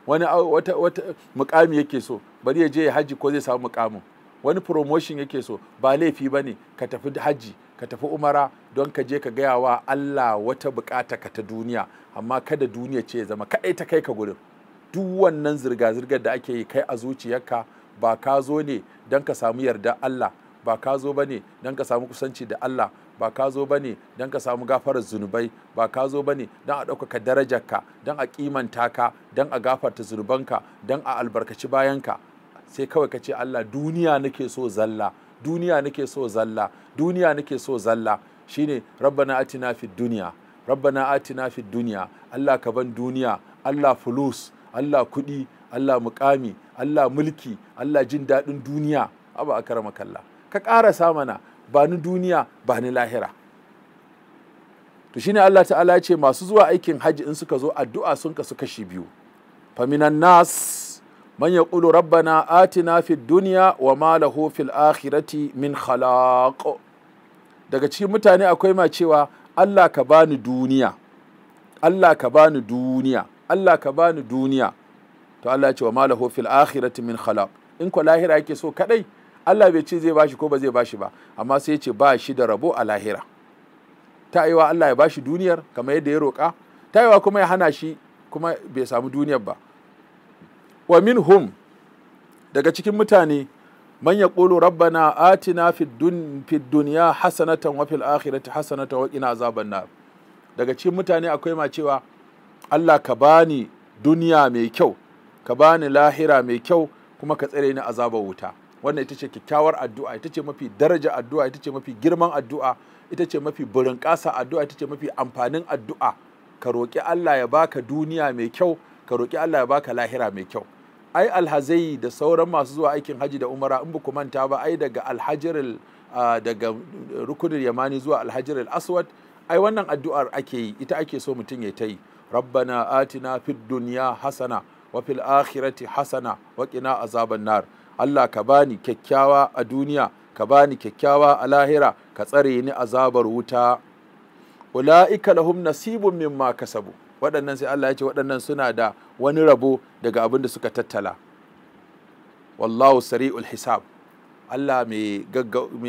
wani wata, wata mukami yake so bari ya je ya haji ko zai samu mukamin wani promotion yake so ba laifi ba ne ka tafi haji ka tafi umara don ka je ka gaya wa Allah wata bukata ka ta duniya amma kada duniya ce zama kaɗai ta kai ka gurin duk wannan zirga-zirgar da ake yi kai a zuciyarka ba ka zo ne don ka samu yarda Allah ba ka zo ba ne don ka samu kusanci da Allah ba ka zo ba ne don ka samu gafarar zunubai ba ka zo ba ne don a ɗaukaka darajarka don a kimanta ka don a gafarta zunubanka don a albarkaci bayanka sai kawai ka ce Allah duniya nake so zalla duniya nake so zalla duniya nake so zalla shine rabbana atina fid duniya rabbana atina fid duniya Allah ka ban duniya Allah fulus Allah kuɗi Allah mukami Allah mulki Allah jin daɗin duniya abu a karama kalla ka ƙara samana, ba ni duniya ba ni lahira to shine Allah ta'ala ce masu zuwa aikin hajji in suka zo addu'a sun kasu kashi biyu faminan nas man yaqulu rabbana atina fid dunya wa ma lahu fil min daga cikin mutane akwai ma cewa Allah ka bani duniya Allah ka bani duniya Allah ka bani duniya to Allah ya ce wa ma lahu fil akhirati min khalaq in ko lahira yake so kadai Allah bai ce zai bashi ko ba zai bashi ba amma sai ya ce ba shi da rabo a lahira ta aiwa Allah ya bashi duniyar kamar yadda ya roƙa ta aiwa kuma ya hana shi kuma bai samu duniyar ba wa minhum daga cikin mutane man yaqulu rabbana atina fid na fid dunya hasanatan wa fil akhirati hasanatan wa qina azaban nar daga cikin mutane akwai ma cewa Allah ka bani duniya mai kyau ka bani lahira mai kyau kuma ka tsare ni azaban wuta wannan ita ce kyakkyawar addu'a ita ce mafi daraja addu'a ita ce mafi girman addu'a ita ce mafi burin ƙasa addu'a ita ce mafi amfanin addu'a ka roƙi Allah ya baka duniya mai kyau ka roƙi Allah ya baka lahira mai kyau ai alhazai da sauran masu zuwa aikin haji da umara in ku manta ba ai daga alhajaril daga rukunin yamani zuwa alhajaril aswad ai wannan addu'ar ake yi ita ake so mutum ya ta yi rabbana atina fid dunya hasana wa fil akhirati hasana wa qina azaban nar Allah ka bani kyakkyawa a duniya ka bani kyakkyawa a lahira ka tsare ni azabar wuta ula'ika lahum nasibun mimma kasabu waɗannan sai Allah ya ce waɗannan suna da wani rabo daga abin da suka tattala wallahu sari'ul hisab Allah mai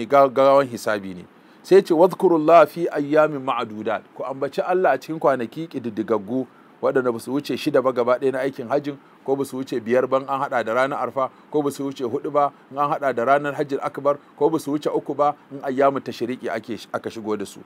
gaggawan hisabi ne sai ce wadhkurullah fi ayyamin ma'adudat ku ambaci Allah a cikin kwanaki kididdigaggu waɗanda ba su wuce shida ba gaba ɗaya na aikin hajjin ko ba su wuce biyar ban an haɗa da ranar arfa ko ba su wuce hudu ba in an haɗa da ranar hajjin akbar ko ba su wuce uku ba in ayyamin tashriqi ake aka shigo da su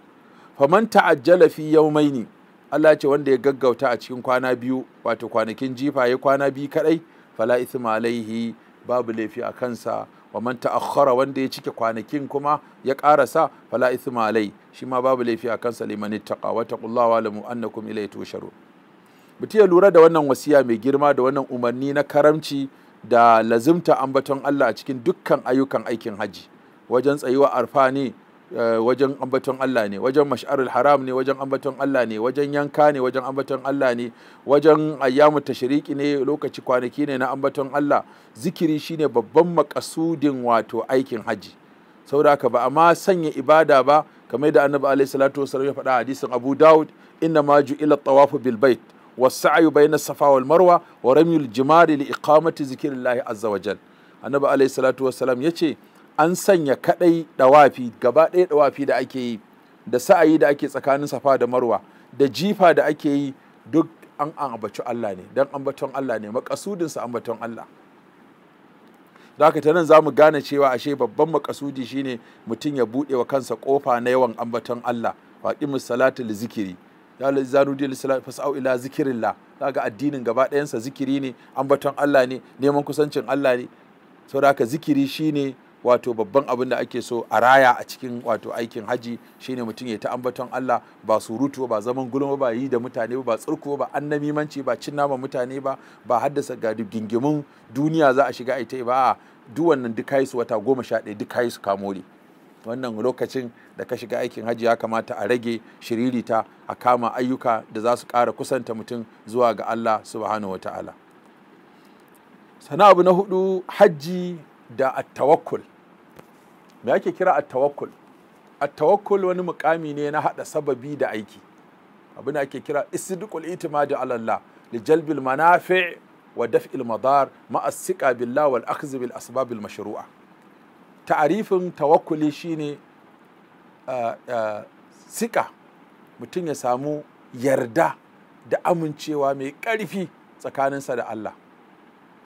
faman ta'ajjala fi yawmaini Allah ce wanda ya gaggauta a cikin kwana biyu wato kwanakin jifa ya kwana biyu kadai fala ithma alaihi babu laifi a kansa wa man ta'akhkhara wanda ya cike kwanakin kuma ya karasa fala ithma alai shi ma babu laifi a kansa liman ittaqa wa taqullaha wa lamu annakum ilayhi tusharun mutiya lura da wannan wasiya mai girma da wannan umarni na karamci da lazimta ambaton Allah a cikin dukkan ayyukan aikin haji wajen tsayuwa arfa ne Eh, wajen ambaton Allah ne wajen mash'arul haram ne wajen ambaton Allah ne wajen yanka ne wajen ambaton Allah ne wajen ayyamu tashriqi ne lokaci kwanaki ne na ambaton Allah zikiri shine babban makasudin wato aikin haji saboda haka ba ma sanya ibada ba kamar da annabi alaihi salatu wasallam ya faɗa hadisin Abu Dawud inna ma ju'ila tawafu bil bait was-sa'yu bayna safa wal marwa wa ramyul jimari li iqamati zikrillahi azza wajal annabi alaihi salatu wasallam yace an sanya kadai dawafi gaba ɗaya dawafi da ake yi da sa'ayi da ake tsakanin safa da marwa da jifa da ake yi duk an ambaci Allah ne dan ambaton Allah ne makasudin sa ambaton Allah da ta nan za gane cewa ashe babban makasudi shine mutum ya buɗe wa kansa kofa na yawan ambaton Allah qimus salati li zikiri ya lazanu dil salati fasau ila zikrillah kaga addinin gaba ɗayansa zikiri ne ambaton Allah ne neman kusancin Allah ne saboda haka zikiri shine wato babban abin da ake so a raya a cikin wato aikin haji shine mutum ya ta ambaton Allah ba surutu ba zaman gulma ba yi da mutane ba tsurku ba annamimanci ba cin naman mutane ba ba haddasa ga gingimin duniya za a shiga a ita ba duk wannan duk kai su wata goma sha ɗaya duk kai su kamori wannan lokacin da ka shiga aikin haji ya kamata a rage shiririta a kama ayyuka da za su ƙara kusanta mutum zuwa ga Allah subhanahu wa ta'ala sana abu na hudu hajji da at-tawakkul me ake kira at-tawakkul at-tawakkul wani mukami ne na hada sababi da aiki abin da ake kira isdiqul itimadi alallah Allah li jalbil manafi' wa daf'il madar ma as-siqa billah wal akhdh bil asbab al mashru'a ta'rifin tawakkuli shine eh, eh, sika mutum ya samu yarda da amincewa mai ƙarfi tsakaninsa da Allah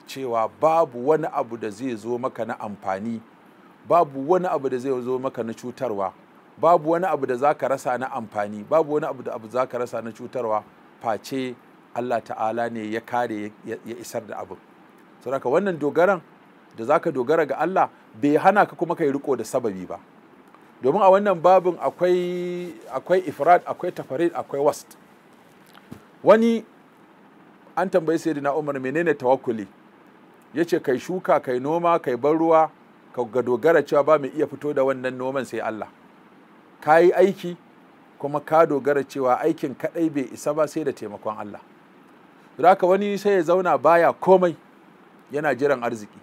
cewa babu wani abu da zai zo maka na amfani babu wani abu da zai zo maka na cutarwa babu wani abu da ka rasa na amfani babu wani abu da abu zaka rasa na cutarwa face Allah ta'ala ne ya kare ya isar da abu saboda wannan dogaran da zaka dogara ga Allah bai hana ka kuma kai riko da sababi ba domin a wannan babin akwai akwai ifrad akwai tafarid akwai wast wani an tambayi sayyidina Umar menene tawakkuli yace kai shuka kai noma kai ban ruwa ka ga dogara cewa ba mai iya fito da wannan noman sai Allah ka yi aiki kuma ka dogara cewa aikin kaɗai bai isa ba sai da taimakon Allah haka wani sai ya zauna baya komai yana jiran arziki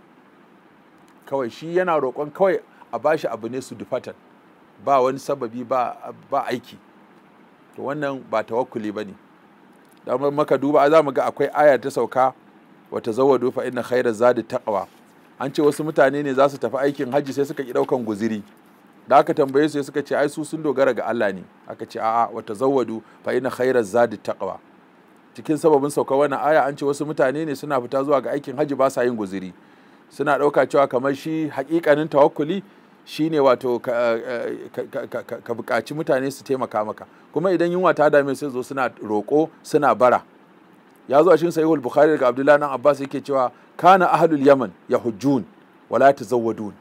kawai shi yana roƙon kawai a bashi abu ne su dufatan ba wani sababi ba, aiki to wannan ba tawakkuli ba ne damar maka duba za mu ga akwai aya ta sauka wata zawo in na khairar zadi taqwa an ce wasu mutane ne za su tafi aikin hajji sai suka ki ɗaukan guziri da aka tambaye su suka ce ai su sun dogara ga Allah ne aka ce a'a wa tazawwadu fa inna khayra zadi taqwa cikin sababin sauka wannan aya an ce wasu mutane ne suna fita zuwa ga aikin hajji ba sa yin guziri suna ɗauka cewa kamar shi haƙiƙanin tawakkuli shine wato ka buƙaci mutane su taimaka maka kuma idan yunwa ta dame sai zo suna roƙo suna bara ya zo a cikin sahihul bukhari daga abdullahi nan abbas yake cewa kana ahlul yaman yahujjun wala tazawwadun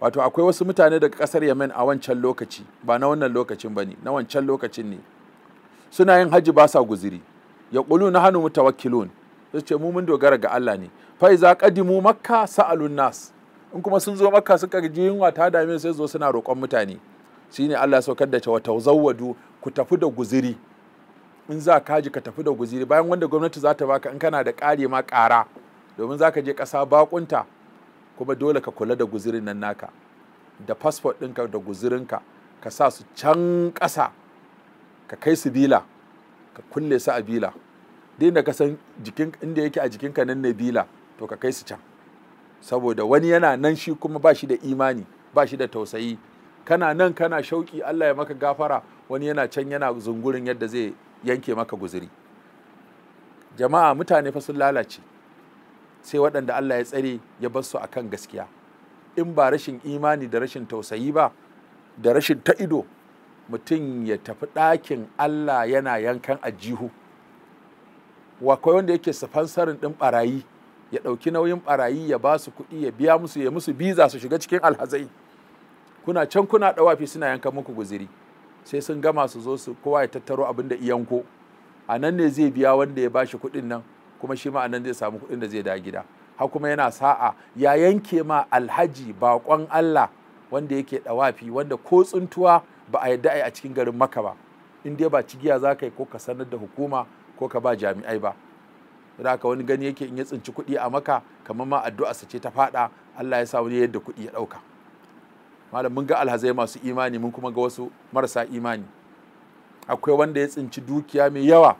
wato akwai wasu mutane daga kasar yaman a wancan lokaci ba na wannan lokacin bane na wancan lokacin ne suna yin haji ba sa guziri ya qulu na hannu mutawakkilun su ce mu mun dogara ga Allah ne fa iza qadimu makka sa'alun nas in kuma sun zo makka suka ji yunwa ta dame sai zo suna roƙon mutane shine Allah saukar da cewa tawzawwadu ku tafi da guziri in za kaji ka tafi da guziri bayan wanda gwamnati za ta baka in kana da ƙare ma ƙara domin za ka je ƙasa bakunta kuma dole ka kula da guzirin nan naka da fasfot ɗinka da guzirinka ka sa su can ƙasa ka kai su bila ka kulle su a bila duk da ka jikin inda yake a jikinka nan ne bila to ka kai su can saboda wani yana nan shi kuma ba shi da imani ba shi da tausayi kana nan kana shauƙi Allah ya maka gafara wani yana can yana zungurin yadda zai yanke maka guziri jama'a mutane fa sun lalace sai waɗanda Allah ya tsare ya bar su akan gaskiya in ba rashin imani da rashin tausayi ba da rashin ta ido mutum ya tafi ɗakin Allah yana yankan ajihu wakwai wanda yake safansarin ɗin ɓarayi ya ɗauki nauyin ɓarayi ya ba su kuɗi ya biya musu ya musu biza su shiga cikin alhazai kuna can kuna ɗawafi suna yankan muku guziri sai sun gama su zo su kowa ya tattaro abin da iyanko a nan ne zai biya wanda ya bashi kuɗin nan kuma shi ma a nan zai samu kuɗin da zai da gida ha kuma yana sa'a ya yanke ma alhaji baƙon Allah wanda yake ɗawafi wanda ko tsuntuwa ba a yadda a yi a cikin garin maka ba in dai ba cigiya za ka yi ko ka sanar da hukuma ko ka ba jami'ai ba da haka wani gani yake in ya tsinci kuɗi a maka kamar ma addu'a sace ta faɗa Allah ya sa wani yadda kuɗi ya ɗauka malam mun ga alhazai masu imani mun kuma ga wasu marasa imani akwai wanda ya tsinci dukiya mai yawa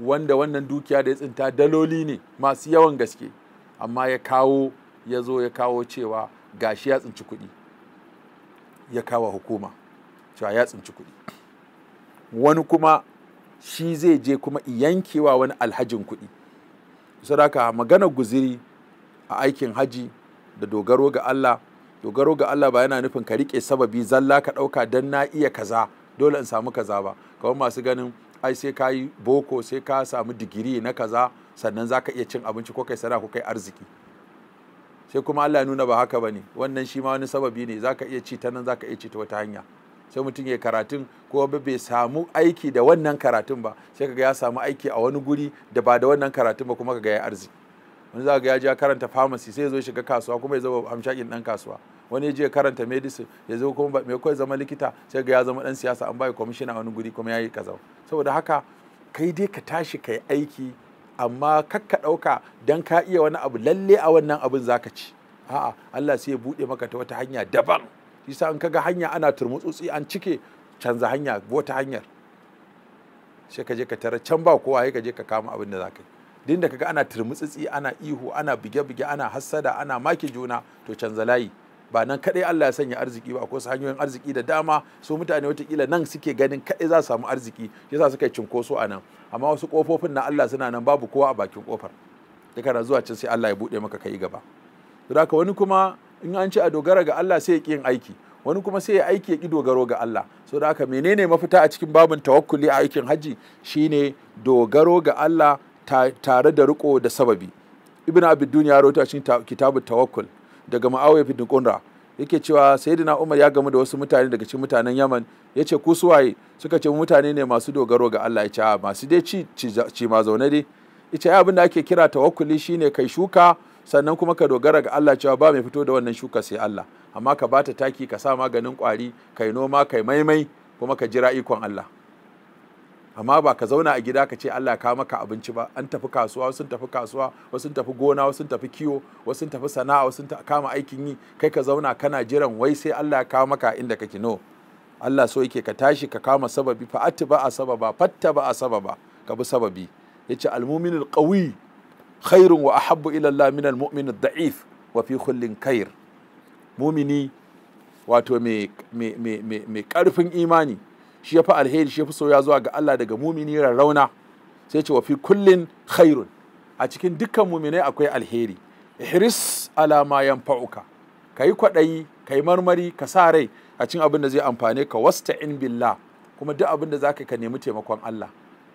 wanda wannan dukiya da ya tsinta daloli ne masu yawan gaske amma ya kawo ya zo ya kawo cewa gashi ya tsinci kuɗi ya kawo hukuma cewa ya tsinci kuɗi wani kuma shi zai je kuma yankewa wani alhajin kuɗi sadaka magana guziri a aikin haji da dogaro ga Allah dogaro ga Allah ba yana nufin ka rike sababi zalla ka ɗauka dan na iya kaza dole in samu kaza ba kamar masu ganin ai sai ka yi boko sai ka samu digiri na kaza sannan za ka iya cin abinci ko kai sana ko kai arziki sai kuma Allah ya nuna ba haka ba ne wannan shi ma wani sababi ne za ka iya ci ta nan za ka iya ci ta wata hanya sai mutum ya karatun ko bai samu aiki da wannan karatun ba sai kaga ya samu aiki a wani guri da ba da wannan karatun ba kuma kaga ya arziki wani za ga ya je karanta pharmacy sai ya zo shiga kasuwa kuma ya zama amshakin dan kasuwa wani ya je karanta medicine ya zo kuma mai kai zama likita sai ga ya zama dan siyasa an bai a wani guri kuma ya kaza saboda haka kai dai ka tashi kayi aiki amma kakka ɗauka dan ka iya wani abu lalle a wannan abin zaka ci a'a Allah sai ya buɗe maka ta wata hanya daban yasa an kaga hanya ana turmutsutsi an cike canza hanya wata hanyar sai ka je ka tara can ba kowa sai ka je ka kama abin da zaka yi din da kaga ana turmutsitsi ana ihu ana bige-bige ana hassada ana make juna to canza layi ba nan kadai Allah ya sanya arziki ba akwai hanyoyin arziki da dama su mutane watakila nan suke ganin kadai za su samu arziki yasa suka yi cinkoso a nan amma wasu kofofin na Allah suna nan babu kowa a bakin kofar da kana zuwa can sai Allah ya bude maka kai gaba haka wani kuma in an ce a dogara ga Allah sai ya ƙi yin aiki wani kuma sai ya aiki ya ƙi dogaro ga Allah so da haka menene mafita a cikin babin tawakkuli a aikin hajji shine dogaro ga Allah tare da riko da sababi ibn abidun ya rawaito a cikin kitabu tawakkul daga ma'awiya fi qunra yake cewa sayyidina umar ya gamu da wasu mutane daga cikin mutanen yaman ya ce ku suwaye suka ce mutane ne masu dogaro ga allah ya ce a masu dai ci ci ma zaune dai ita abin da ake kira tawakkuli shine kai shuka sannan kuma ka dogara ga allah cewa ba mai fito da wannan shuka sai allah amma ka bata taki ka sa maganin kwari kai noma kai maimai kuma ka jira ikon allah amma ba ka zauna a gida ka ce Allah ka maka abinci ba an tafi kasuwa wasu tafi kasuwa wasu tafi gona wasu tafi kiwo wasu tafi sana'a wasu kama aikin yi kai ka zauna kana jiran wai sai Allah ka maka inda kake no Allah so yake ka tashi ka kama sababi fa ba a sababa fatta ba a sababa ka bi sababi yace mu'minul qawi khairun wa ahabbu ila Allah min almu'min da'if wa fi kullin khair mumini wato mai karfin imani shi ya fi alheri shi ya fi soya zuwa ga Allah daga mumini rarrauna sai ce wa fi kullin khairun a cikin dukkan muminai akwai alheri ihris alama ma ka kayi kwaɗayi kayi marmari ka sa rai a cikin abin da zai amfane ka wasta in billah kuma duk abin da zaka ka nemi taimakon Allah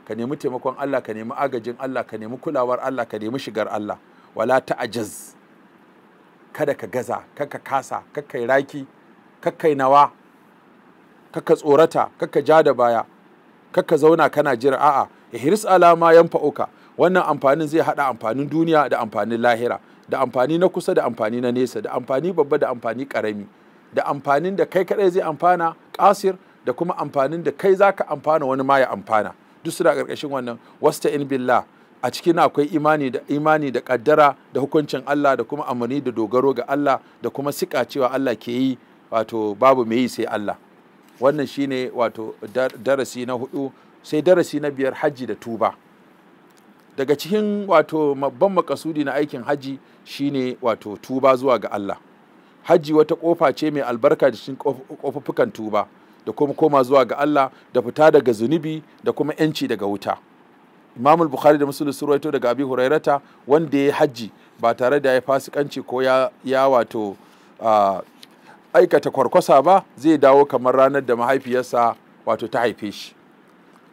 ka nemi taimakon Allah ka nemi agajin Allah ka nemi kulawar Allah ka nemi shigar Allah wala ta'ajaz kada ka gaza kaka kasa kakai raki kakai nawa kakka tsorata kakka ja da baya kakka zauna kana jira a'a ya hirs alama yan fa'uka wannan amfanin zai hada amfanin duniya da amfanin lahira da amfani na kusa da amfani na nesa da amfani babba da amfani karami da amfanin da kai kadai zai amfana kasir da kuma amfanin da kai zaka amfana wani ma ya amfana duk suna karkashin wannan wasta in billah a cikin akwai imani da imani da kaddara da hukuncin Allah da kuma amani da dogaro ga Allah da kuma sika cewa Allah ke yi wato babu mai yi sai Allah wannan shine wato darasi na hudu sai darasi na biyar hajji da tuba daga cikin wato babban makasudi na aikin hajji shine wato tuba zuwa ga Allah hajji wata kofa ce mai albarka da cikin kofuffukan tuba da kuma koma zuwa ga Allah da fita daga zunubi da kuma yanci daga wuta Imamul bukhari da muslim sun daga abi hurairata wanda ya yi hajji ba tare da ya fasikanci ko ya wato uh, aikata kwarkwasa ba zai dawo kamar ranar da mahaifiyarsa wato ta haife shi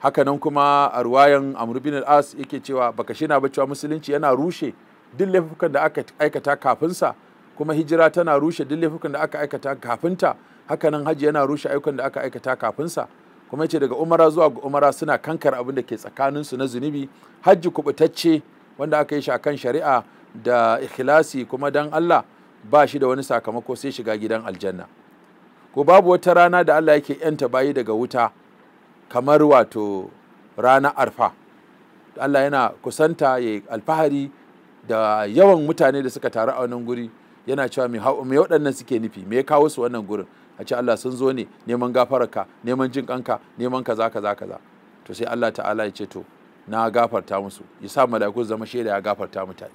hakanan kuma a ruwayan Amurbin al'as as yake cewa baka shina ba cewa musulunci yana rushe duk laifukan da aka aikata kafinsa kuma hijira tana rushe duk laifukan da aka aikata kafinta hakanan haji yana rushe ayyukan da aka aikata kafinsa kuma yace daga umara zuwa ga umara suna kankar abin da ke tsakaninsu na zunubi hajji kubutacce wanda aka yi shi akan shari'a da ikhlasi kuma dan Allah ba shi da wani sakamako sai shiga gidan aljanna ko babu wata rana da Allah yake yanta bayi daga wuta kamar wato rana arfa Allah yana kusanta ya alfahari da yawan mutane da suka taru a wannan guri yana cewa me waɗannan suke nufi me ya kawo su wannan gurin a ce Allah sun zo ne neman gafararka neman jin kanka neman kaza kaza kaza to sai Allah ta'ala ya ce to na gafarta musu ya sa mala'iku zama shaida ya gafarta mutane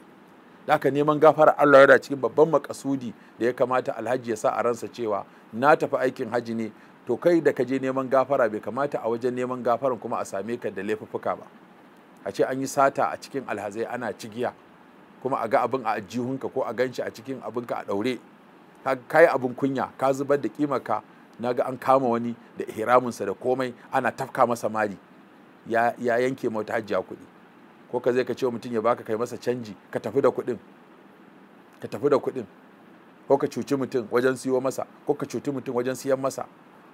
haka neman gafara Allah yana cikin babban makasudi da ya kamata alhaji ya sa a ransa cewa na tafi aikin haji ne to kai da ka je neman gafara bai kamata a wajen neman gafaran kuma a same ka da laifuffuka ba a ce an yi sata a cikin alhazai ana cigiya kuma a ga abin a ajihunka ko a ganshi a cikin ka a daure ka yi abin kunya ka zubar da kimarka na ga an kama wani da ihraminsa da komai ana tafka masa mari ya yanke mota hajjiya kuɗi ko ka zai ka ce mutum ya baka kai masa canji ka tafi da kuɗin ka tafi da kuɗin ko ka cuci mutum wajen siyo masa ko ka cuci mutum wajen siyan masa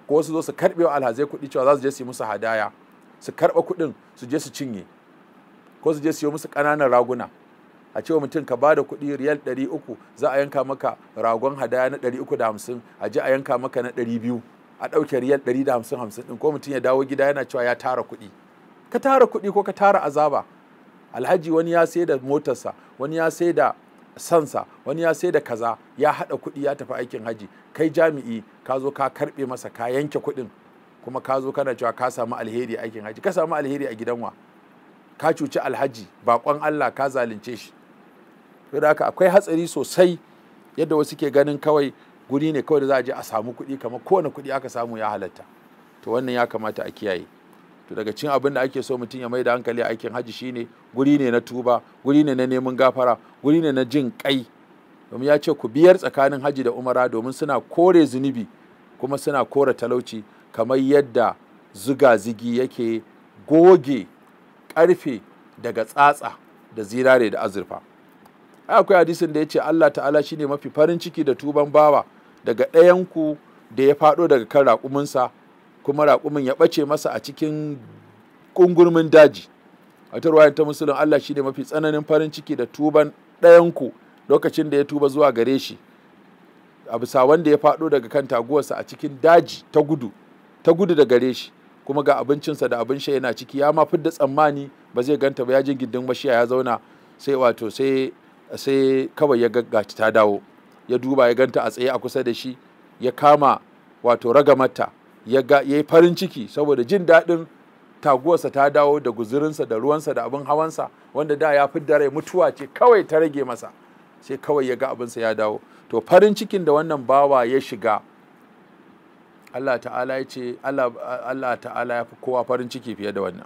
ko wasu zo su karɓe wa alhazai kuɗi cewa za su je su yi musu hadaya su karɓa kuɗin su je su cinye ko su je su yi musu ƙananan raguna a cewa mutum ka bada kuɗi riyal 300 za a yanka maka ragon hadaya na 350 a je a yanka maka na 200 a ɗauke riyal 150 ɗin ko mutum ya dawo gida yana cewa ya tara kuɗi ka tara kuɗi ko ka tara azaba alhaji wani ya sai da motarsa wani ya sai da sansa wani ya sai da kaza ya haɗa kuɗi ya tafi aikin haji kai jami'i ka zo ka karbe masa ka yanke kuɗin kuma ka zo kana cewa ka samu alheri aikin haji ka samu alheri a gidan wa ka cuci alhaji bakon Allah ka zalunce shi saboda haka akwai hatsari sosai yadda wasu ke ganin kawai guri ne kawai da za a je a samu kuɗi kamar kowane kuɗi aka samu ya halatta to wannan ya kamata a kiyaye to daga cin abin da ake so mutum ya mai da hankali aikin hajji shine guri ne na tuba guri ne na neman gafara guri ne na jin kai domin ya ce ku biyar tsakanin hajji da umara domin suna kore zunubi kuma suna kore talauci kamar yadda zuga-zigi yake goge karfe daga tsatsa da zirare da azurfa akwai hadisin da ya ce Allah ta'ala shine mafi farin ciki da tuban bawa daga ɗayan ku da ya faɗo daga kan raƙuminsa kuma raƙumin ya ɓace masa a cikin ƙungurmin daji a ta ta musulun Allah shi ne mafi tsananin farin ciki da tuban ɗayanku lokacin da ya tuba zuwa gare shi a bisa wanda ya faɗo daga kan taguwarsa a cikin daji ta gudu ta gudu da gare shi kuma ga abincinsa da abin sha yana ciki ya ma fidda tsammani ba zai ganta ba ya jin gindin mashiya ya zauna sai wato sai sai kawai ya gaggaci ta dawo ya duba ya ganta a tsaye a kusa da shi ya kama wato ragamata ya yi farin ciki saboda jin daɗin taguwarsa ta dawo da guzurinsa da ruwansa da abin hawansa wanda da ya fidda rai mutuwa ce kawai ta rage masa sai kawai ya ga abinsa ya dawo to farin cikin da wannan bawa ya shiga Allah ta'ala ya ce Allah ta'ala ya fi kowa farin ciki fiye da wannan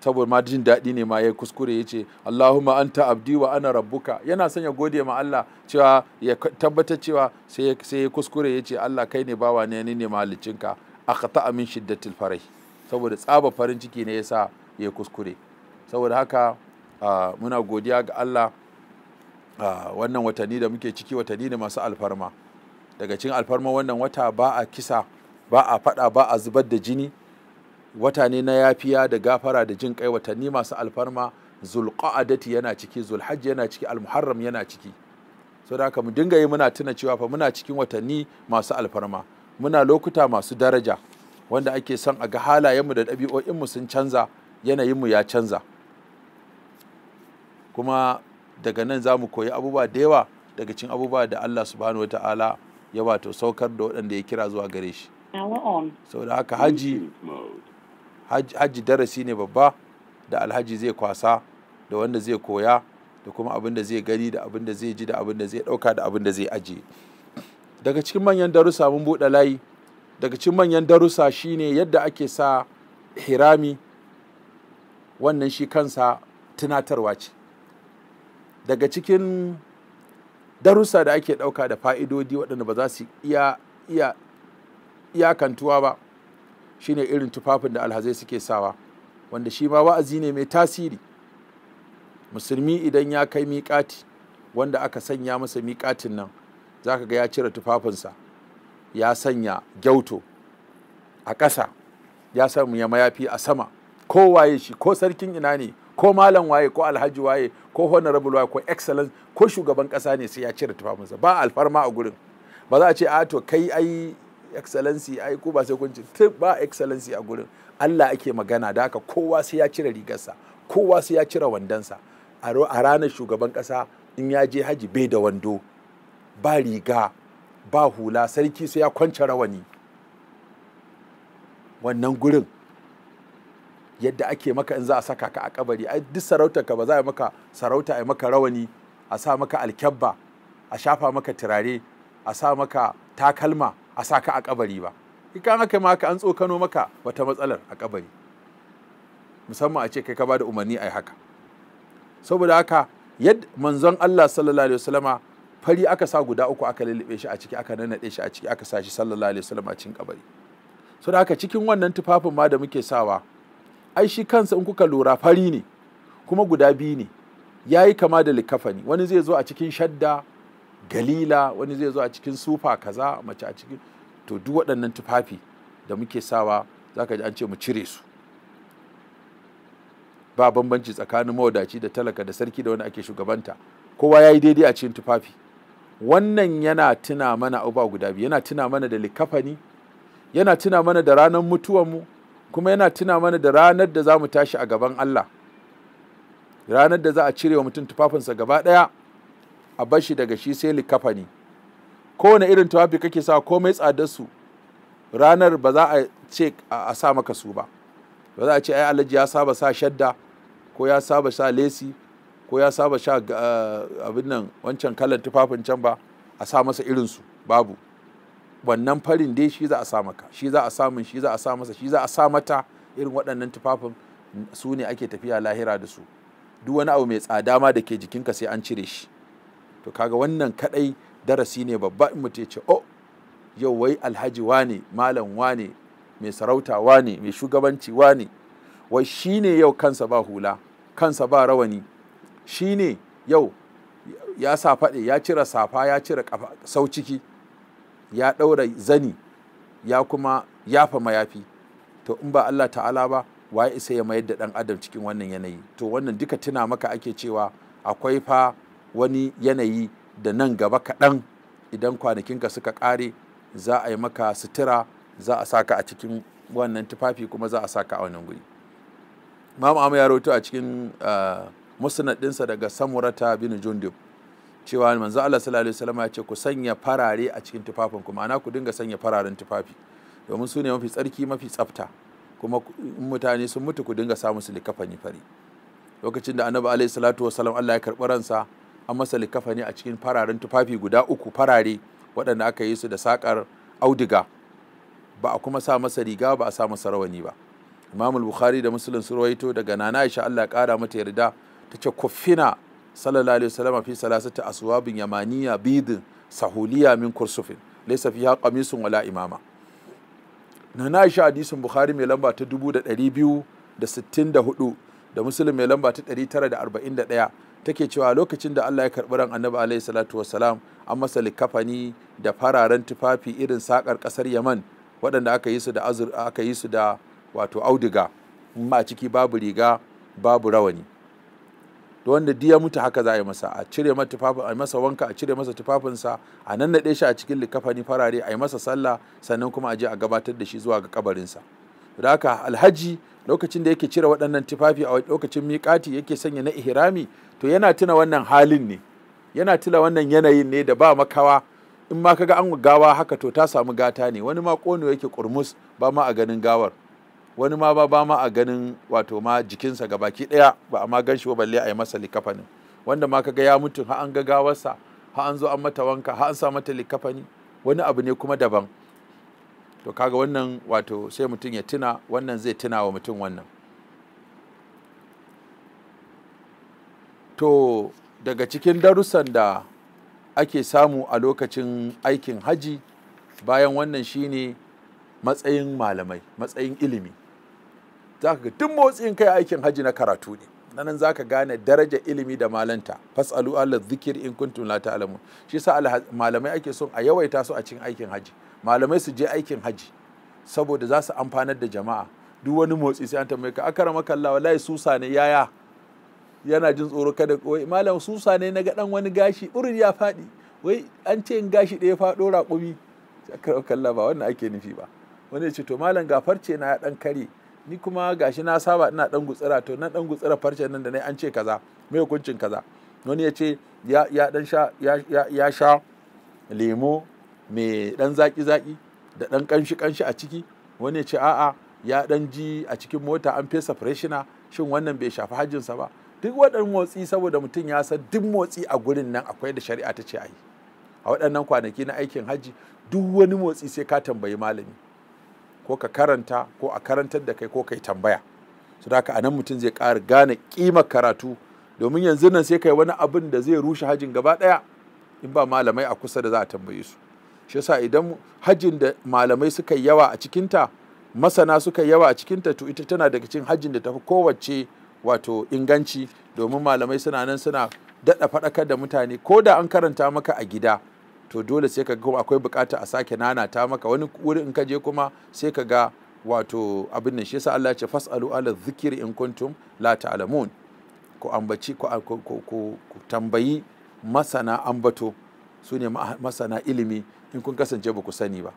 saboda ma jin daɗi ne ma ya kuskure ya ce Allahumma anta abdi wa ana rabbuka yana son ya gode ma Allah cewa ya tabbata cewa sai ya kuskure ya ce Allah kai ne bawa ne ni ne mahaliccinka akhta amin shiddatil farai saboda tsaba farin ciki ne ya sa ya kuskure saboda haka muna godiya ga Allah wannan watanni da muke ciki watanni ne masu alfarma daga cikin alfarma wannan wata ba a kisa ba a faɗa ba a zubar da jini wata ne na yafiya da gafara da jin kai watanni masu alfarma zulqa'adati yana ciki zulhajji yana ciki almuharram yana ciki da haka mu dinga yi muna tuna cewa fa muna cikin watanni masu alfarma muna lokuta masu daraja wanda ake son a ga halayenmu da ɗabi'o'inmu sun canza yanayinmu ya canza kuma daga nan za mu koyi abubuwa da yawa daga cikin abubuwa da Allah subhanahu wata'ala ya wato saukar da waɗanda ya kira zuwa gare shi saboda haka haji hajji darasi ne babba da alhaji zai kwasa da wanda zai koya da kuma abin da zai gani da abin da zai ji da abin da zai ɗauka da abin da zai aji. daga cikin manyan darussa mun buɗe layi daga cikin manyan darussa shine yadda ake sa hirami wannan shi kansa tunatarwa ce daga cikin darussa da ake ɗauka da fa'idodi waɗanda ba za su iya kantuwa ba shine irin tufafin da alhazai suke sawa wanda shi ma wa'azi ne mai tasiri musulmi idan ya kai miƙati wanda aka sanya masa miƙatin nan za ka ga ya cire tufafinsa ya sanya gyauto a ƙasa ya samu ya mayafi a sama ko waye shi ko sarkin ina ne ko malam waye ko alhaji waye ko honorable waye ko excellence ko shugaban ƙasa ne sai ya cire tufafinsa ba alfarma a gurin ba za a ce a to kai ai excellency ai ko ba sai kun ci ba excellency a gurin Allah ake magana da haka kowa sai ya cire rigarsa kowa sai ya cire wandonsa a ranar shugaban kasa in ya je haji bai da wando ba riga ba hula sarki sai ya kwance rawani wannan gurin yadda ake maka in za a saka ka a kabari ai duk sarautar ka ba za a maka sarauta a maka rawani a sa maka alkyabba a shafa maka turare a sa maka takalma a sa ka a kabari ba kan haka ma ka an tsokano maka wata matsalar a kabari musamman a ce kai ka bada umarni a yi haka saboda haka yadda manzon Allah sallallahu alaihi wasallama fari aka sa guda uku aka lullube shi a ciki aka nanade shi a ciki aka sa shi sallallahu alaihi sallam a cikin kabari saboda haka cikin wannan tufafin ma da muke sawa ai shi kansa in kuka lura fari ne kuma guda biyu ne Yayi kama da likafani wani zai zo a cikin shadda galila wani zai zo a cikin sufa kaza mace a cikin to duk waɗannan tufafi da muke sawa za ka ji an ce mu cire su ba bambanci tsakanin mawadaci da talaka da sarki da wani ake shugabanta kowa ya yi daidai a cikin tufafi wannan yana tuna mana abubuwa guda biyu yana tuna mana da likafani yana tuna mana da ranar mutuwanmu kuma yana tuna mana da ranar da za mu tashi a gaban Allah ranar da za a cire wa mutum tufafinsa gaba ɗaya a bashi daga shi sai ne kowane irin tawafi kake sa komai tsadar su ranar ba za a ce a sa maka su ba ba za a ce ai alhaji ya saba sa shadda ko ya saba sa lesi ko ya saba sha eh, abin nan wancan kalan tufafin can ba a sa masa irin su babu wannan farin dai shi za a sa maka shi za a samun shi za a sa masa shi za a sa mata irin waɗannan tufafin su ne ake tafiya lahira da su duk wani abu mai tsada ma da ke jikinka sai an cire shi to kaga wannan kadai darasi ne babba in mutum ce oh yau wai alhaji wane malam wane mai sarauta wane mai shugabanci wane wai shi ne yau kansa ba hula kansa ba rawani shi ne yau ya faɗe ya cire safa ya cire sau ciki ya ɗaura zani ya kuma yafa mayafi to in ba Allah ta'ala ba waye isa ya mayar da ɗan adam cikin wannan yanayi to wannan duka tuna maka ake cewa akwai fa wani yanayi da nan gaba kaɗan idan kwanakinka suka ƙare za a yi maka sutura za a saka a cikin wannan tufafi kuma za a saka a wannan guri mamu ya rawaito a cikin eh, musnad daga samurata bin jundub cewa manzo Allah sallallahu alaihi wasallam ya ce ku sanya farare a cikin tufafin ku ma'ana ku dinga sanya fararen tufafi domin su ne mafi tsarki mafi tsafta kuma mutane sun mutu ku dinga samu su likafani fari lokacin da annabi alaihi salatu wasallam Allah ya karɓi ransa an masa likafani a cikin fararen tufafi guda uku farare waɗanda aka yi su da sakar audiga ba a kuma sa masa riga ba a sa masa rawani ba imamul bukhari da musulun su rawaito daga nana aisha Allah kara mata yarda ta ce kufina sallallahu alaihi wasallam fi salasati aswabin yamaniya bidin sahuliya min kursufin laysa fiha qamisun wala imama nana aisha hadisin bukhari mai lamba ta 2264 da musulun mai lamba ta 941 take cewa lokacin da Allah ya karɓi ran annabi alaihi salatu wassalam an masa likafani da fararen tufafi irin sakar kasar yaman waɗanda aka yi su da azur aka yi su da wato auduga amma a ciki babu riga babu rawani to wanda diya mutu haka za a yi masa a cire masa tufafin a masa wanka a cire masa tufafinsa a nannaɗe shi a cikin likafani farare a yi masa sallah sannan kuma a je a gabatar da shi zuwa ga sa da haka alhaji lokacin da yake cire waɗannan tufafi a lokacin miƙati yake sanya na ihrami to yana tuna wannan halin ne yana tuna wannan yanayin ne da ba makawa in ma kaga an gawa haka to ta samu gata ne wani ma ƙone yake kurmus ba ma a ganin gawar wani ma ba ma a ganin wato ma jikinsa ga baki ɗaya ba a ma gan ba balle a yi masa likafanin wanda ma kaga ya mutu ha an ga gawarsa ha an zo an mata wanka ha an sa mata likafani wani abu ne kuma daban to kaga wannan wato sai mutum ya tuna wannan zai tuna wa mutum wannan to daga cikin darussan da ake samu a lokacin aikin haji bayan wannan shine matsayin malamai matsayin ilimi za ka duk motsin kai aikin haji na karatu ne nan za ka gane daraja ilimi da malanta fasalu Allah zikir in kuntum la ta'lamun shi yasa malamai ake son a yawaita su a cikin aikin haji malamai su je aikin haji saboda za su amfanar da jama'a duk wani motsi sai an tambaye ka akara maka Allah wallahi susa ne yaya yana jin tsoro kada wai malam susa ne na ga dan wani gashi urin ya faɗi wai an ce in gashi ɗaya faɗo raƙumi karɓar kalla ba wannan ake nufi ba wani ya ce to malam ga farce na ya ɗan kare ni kuma gashi na saba ina ɗan gutsira to na ɗan gutsira farce nan da na an ce kaza mai hukuncin kaza wani ya ce ya sha ya lemo mai ɗan zaki-zaki da dan ƙanshi kanshi a ciki wani ya ce a'a ya dan ji a cikin mota an fesa freshina shin wannan bai shafi hajjinsa ba duk waɗannan motsi saboda mutum ya san duk motsi a gurin nan akwai da shari'a ta ce a yi a waɗannan kwanaki na aikin hajji duk wani motsi sai ka tambayi malami ko ka karanta ko a karantar da kai ko kai tambaya su da ka anan mutum zai ƙara gane ƙimar karatu domin yanzu nan sai kai wani abin da zai rushe hajjin gaba ɗaya in ba malamai a kusa da za a tambaye su shi yasa idan hajjin da malamai suka yawa a cikinta masana suka yawa a cikinta to ita tana daga cikin hajjin da tafi kowace wato inganci domin malamai suna nan suna daɗa faɗakar da mutane ko da an karanta maka a gida to dole sai ka ga akwai bukata a sake ta maka wani wuri in ka je kuma sai ka ga wato abin nan shi yasa Allah ya ce fasalu ala dhikri in kuntum la ta'lamun ko ambaci ku tambayi masana ambato su ne masana ilimi in kun kasance ba ku sani ba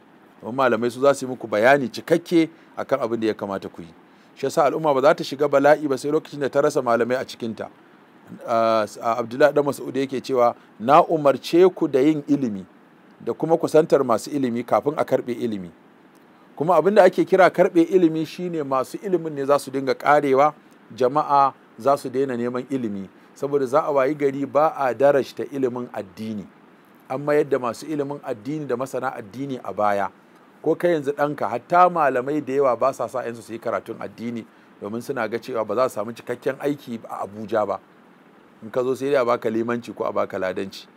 malamai su za su yi muku bayani cikakke akan abin da ya kamata ku yi shi yasa al'umma ba za ta shiga bala'i ba sai lokacin da ta rasa malamai a cikinta abdullahi dan mas'ud yake cewa na umarce ku da yin ilimi da kuma kusantar masu ilimi kafin a karɓe ilimi kuma abin da ake kira karɓe ilimi shine masu ilimin ne za su dinga karewa jama'a za su daina neman ilimi saboda za a wayi gari ba a darajta ilimin addini amma yadda masu ilimin addini da masana addini a baya ko kai yanzu ɗanka hatta malamai da yawa ba sa sa yansu su yi karatun addini domin suna ga cewa ba za su samu cikakken aiki a abuja ba in ka zo sai dai a baka limanci ko a baka ladanci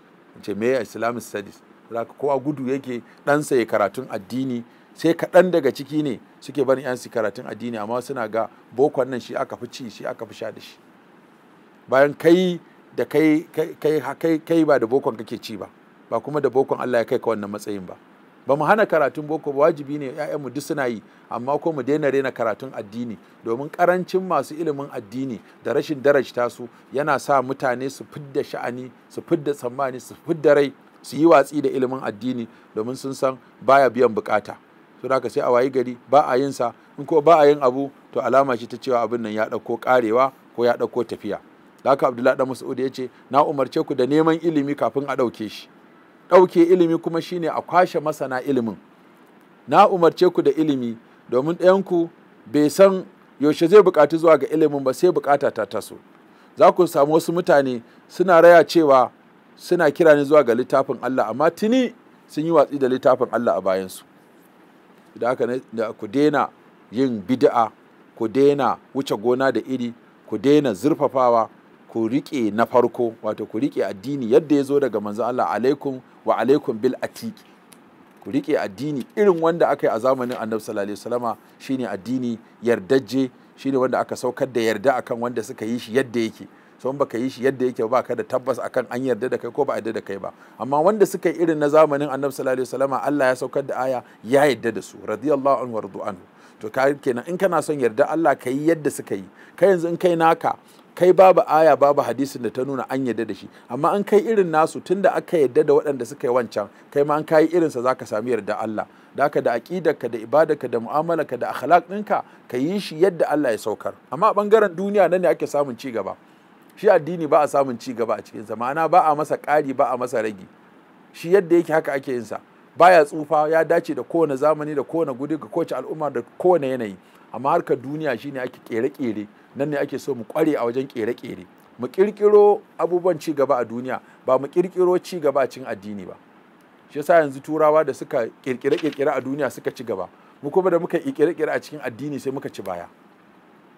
ce me islamic studies za kowa gudu yake ɗansa ya karatun addini sai kaɗan daga ciki ne suke barin 'yan su karatun addini amma suna ga bokon nan shi aka fi ci shi aka fi sha da shi bayan kai da kai kai kai ba da bokon kake ci ba ba kuma da bokon Allah ya kai ka wannan matsayin ba ba mu hana karatun boko ba wajibi ne mu duk suna yi amma ko mu daina rena karatun addini domin karancin masu ilimin addini da rashin darajta su yana sa mutane su fidda sha'ani su fidda tsammani su fidda rai su yi watsi da ilimin addini domin sun san baya biyan bukata to da sai a wayi gari ba a yin sa in ko ba a yin abu to alama shi ta cewa abin nan ya dauko karewa ko ya dauko tafiya laka haka abdullahi dan mas'ud ya ce na umarce ku da neman ilimi kafin a dauke shi ɗauke ilimi kuma shine a kwashe masana ilimin na umarce ku da ilimi domin ɗayanku bai san yaushe zai buƙaci zuwa ga ilimin ba sai buƙata ta taso za ku samu wasu mutane suna raya cewa suna kira ni zuwa ga littafin Allah amma tuni sun yi watsi da littafin Allah a bayansu da haka ku daina yin bid'a ku daina wuce gona da iri ku daina zurfafawa ku riƙe na farko wato ku riƙe addini yadda ya zo daga manzo Allah alaikum wa alaikum bil atiq ku riƙe addini irin wanda aka yi a zamanin annabi sallallahu alaihi wasallama shine addini yardaje shine wanda aka saukar da yarda akan wanda suka yi shi yadda yake so in baka yi shi yadda yake ba ka da tabbas akan an yarda da kai ko ba a yarda da kai ba amma wanda suka yi irin na zamanin annabi sallallahu alaihi wasallama Allah ya saukar da aya ya yarda da su radiyallahu anhu wardu anhu to ka kenan in kana son yarda Allah ka yi yadda suka yi kai yanzu in kai naka kai babu aya babu hadisin da ta nuna an yarda da shi amma an kai irin nasu tunda aka yarda da waɗanda suka yi wancan kai ma an kayi sa zaka sami yarda Allah daka da aqidarka da ibadarka da ka da akhlaq ɗinka ka yi shi yadda Allah ya saukar amma a bangaren duniya nan ne ake samun ci gaba shi addini ba a samun ci gaba a cikin sa ma'ana ba a masa ƙari ba a masa ragi shi yadda yake haka ake yin sa baya tsufa ya dace da kowane zamani da kowane gudu ga kowace al'umma da kowane yanayi amma harkar duniya shine ake kere-kere nan ne ake so mu kware a wajen kere-kere mu kirkiro abubuwan ci gaba a duniya ba mu kirkiro ci gaba a addini ba shi yasa yanzu turawa da suka kirkire-kirkire a duniya suka ci gaba mu kuma da muka kirkire a cikin addini sai muka ci baya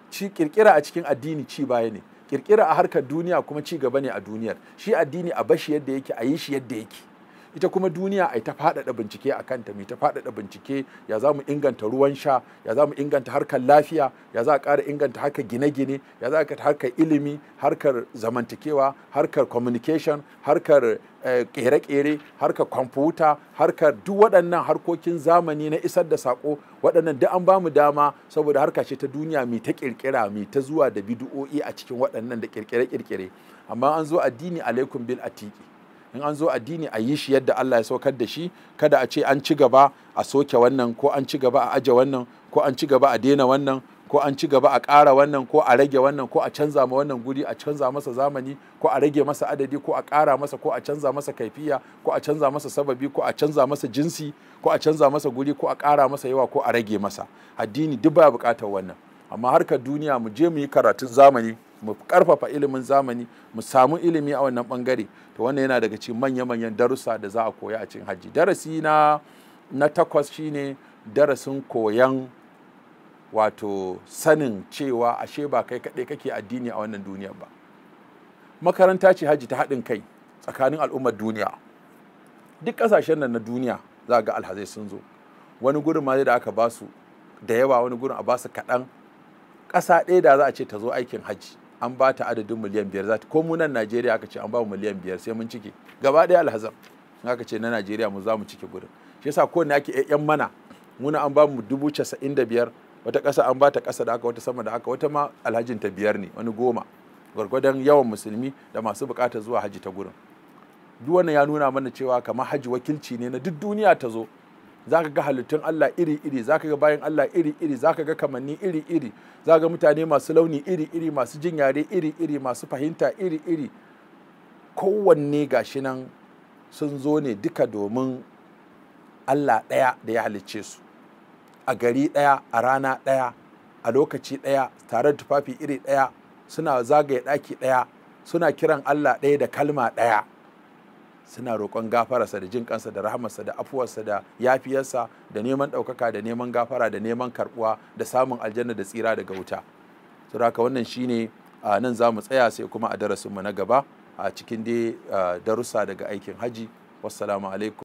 ci kirkira a cikin addini ci baya ne kirkira a harkar duniya kuma ci gaba ne a duniyar shi addini a bashi yadda yake a yi shi yadda yake ita kuma duniya ai ta faɗaɗa bincike a kanta mai ta faɗaɗa bincike ya za mu inganta ruwan sha ya za mu inganta harkar lafiya ya za a ƙara inganta harkar gine-gine ya za a harkar ilimi harkar zamantakewa harkar communication harkar eh, ƙere-ƙere. harkar kwamfuta harkar duk waɗannan harkokin zamani na isar da saƙo waɗannan duk an bamu dama saboda harka ce ta duniya mai ta ƙirƙira mai ta zuwa da bidu'o'i a cikin waɗannan da ƙirƙire-ƙirƙire amma an zo addini alaikum bil atiki in an zo addini a yi shi yadda Allah ya saukar da shi kada a ce an ci gaba a soke wannan ko an ci gaba a aje wannan ko an ci gaba a daina wannan ko an ci gaba a ƙara wannan ko a rage wannan ko a canza ma wannan guri a canza masa zamani ko a rage masa adadi ko a ƙara masa ko a canza masa kaifiya ko a canza masa sababi ko a canza masa jinsi ko a canza masa guri ko a ƙara masa yawa ko a rage masa addini duk baya buƙatar wannan amma harkar duniya mu je mu yi karatun zamani mu karfafa ilimin zamani mu samu ilimi a wannan bangare to wannan yana daga cikin manya-manyan darussa da za a koya a cikin hajji darasi na na takwas shine darasin koyan wato sanin cewa ashe ba kai kaɗai kake addini a wannan duniyar ba makaranta ce hajji ta haɗin kai tsakanin al'ummar duniya duk ƙasashen nan na duniya za ga alhazai sun zo wani gurin ma da aka basu da yawa wani gurin a basu kaɗan ƙasa ɗaya da za a ce ta zo aikin hajji an ba ta adadin miliyan biyar za ta komo nan najeriya aka ce an ba mu miliyan biyar sai mun cike gaba ɗaya alhazan aka ce na najeriya mu za mu cike gurin shi yasa kowanne ake yan mana muna an ba mu dubu casa'in da biyar wata ƙasa an ba ta ƙasa da aka wata sama da aka wata ma alhajin ta biyar ne wani goma gwargwadon yawan musulmi da masu buƙatar zuwa haji ta gurin duk wannan ya nuna mana cewa kamar haji wakilci ne na duk duniya ta zo zaka ga halittun Allah iri-iri zaka ga bayan Allah iri-iri zaka ga kamanni iri-iri zaka ga mutane masu launi iri-iri masu jin yare iri-iri masu fahimta iri-iri kowanne gashi nan sun zo ne duka domin Allah ɗaya da ya halicce su a gari ɗaya a rana ɗaya a lokaci ɗaya tare da tufafi iri ɗaya suna zagaye ɗaki ɗaya suna kiran Allah ɗaya da kalma ɗaya suna roƙon gafararsa da jin kansa da rahamarsa da afuwarsa da yafiyarsa da neman ɗaukaka da neman gafara da neman karɓuwa da samun aljanna da tsira daga wuta saboda wannan shine a nan za mu tsaya sai kuma a darasinmu na gaba a cikin dai darussa daga aikin haji wassalamu alaikum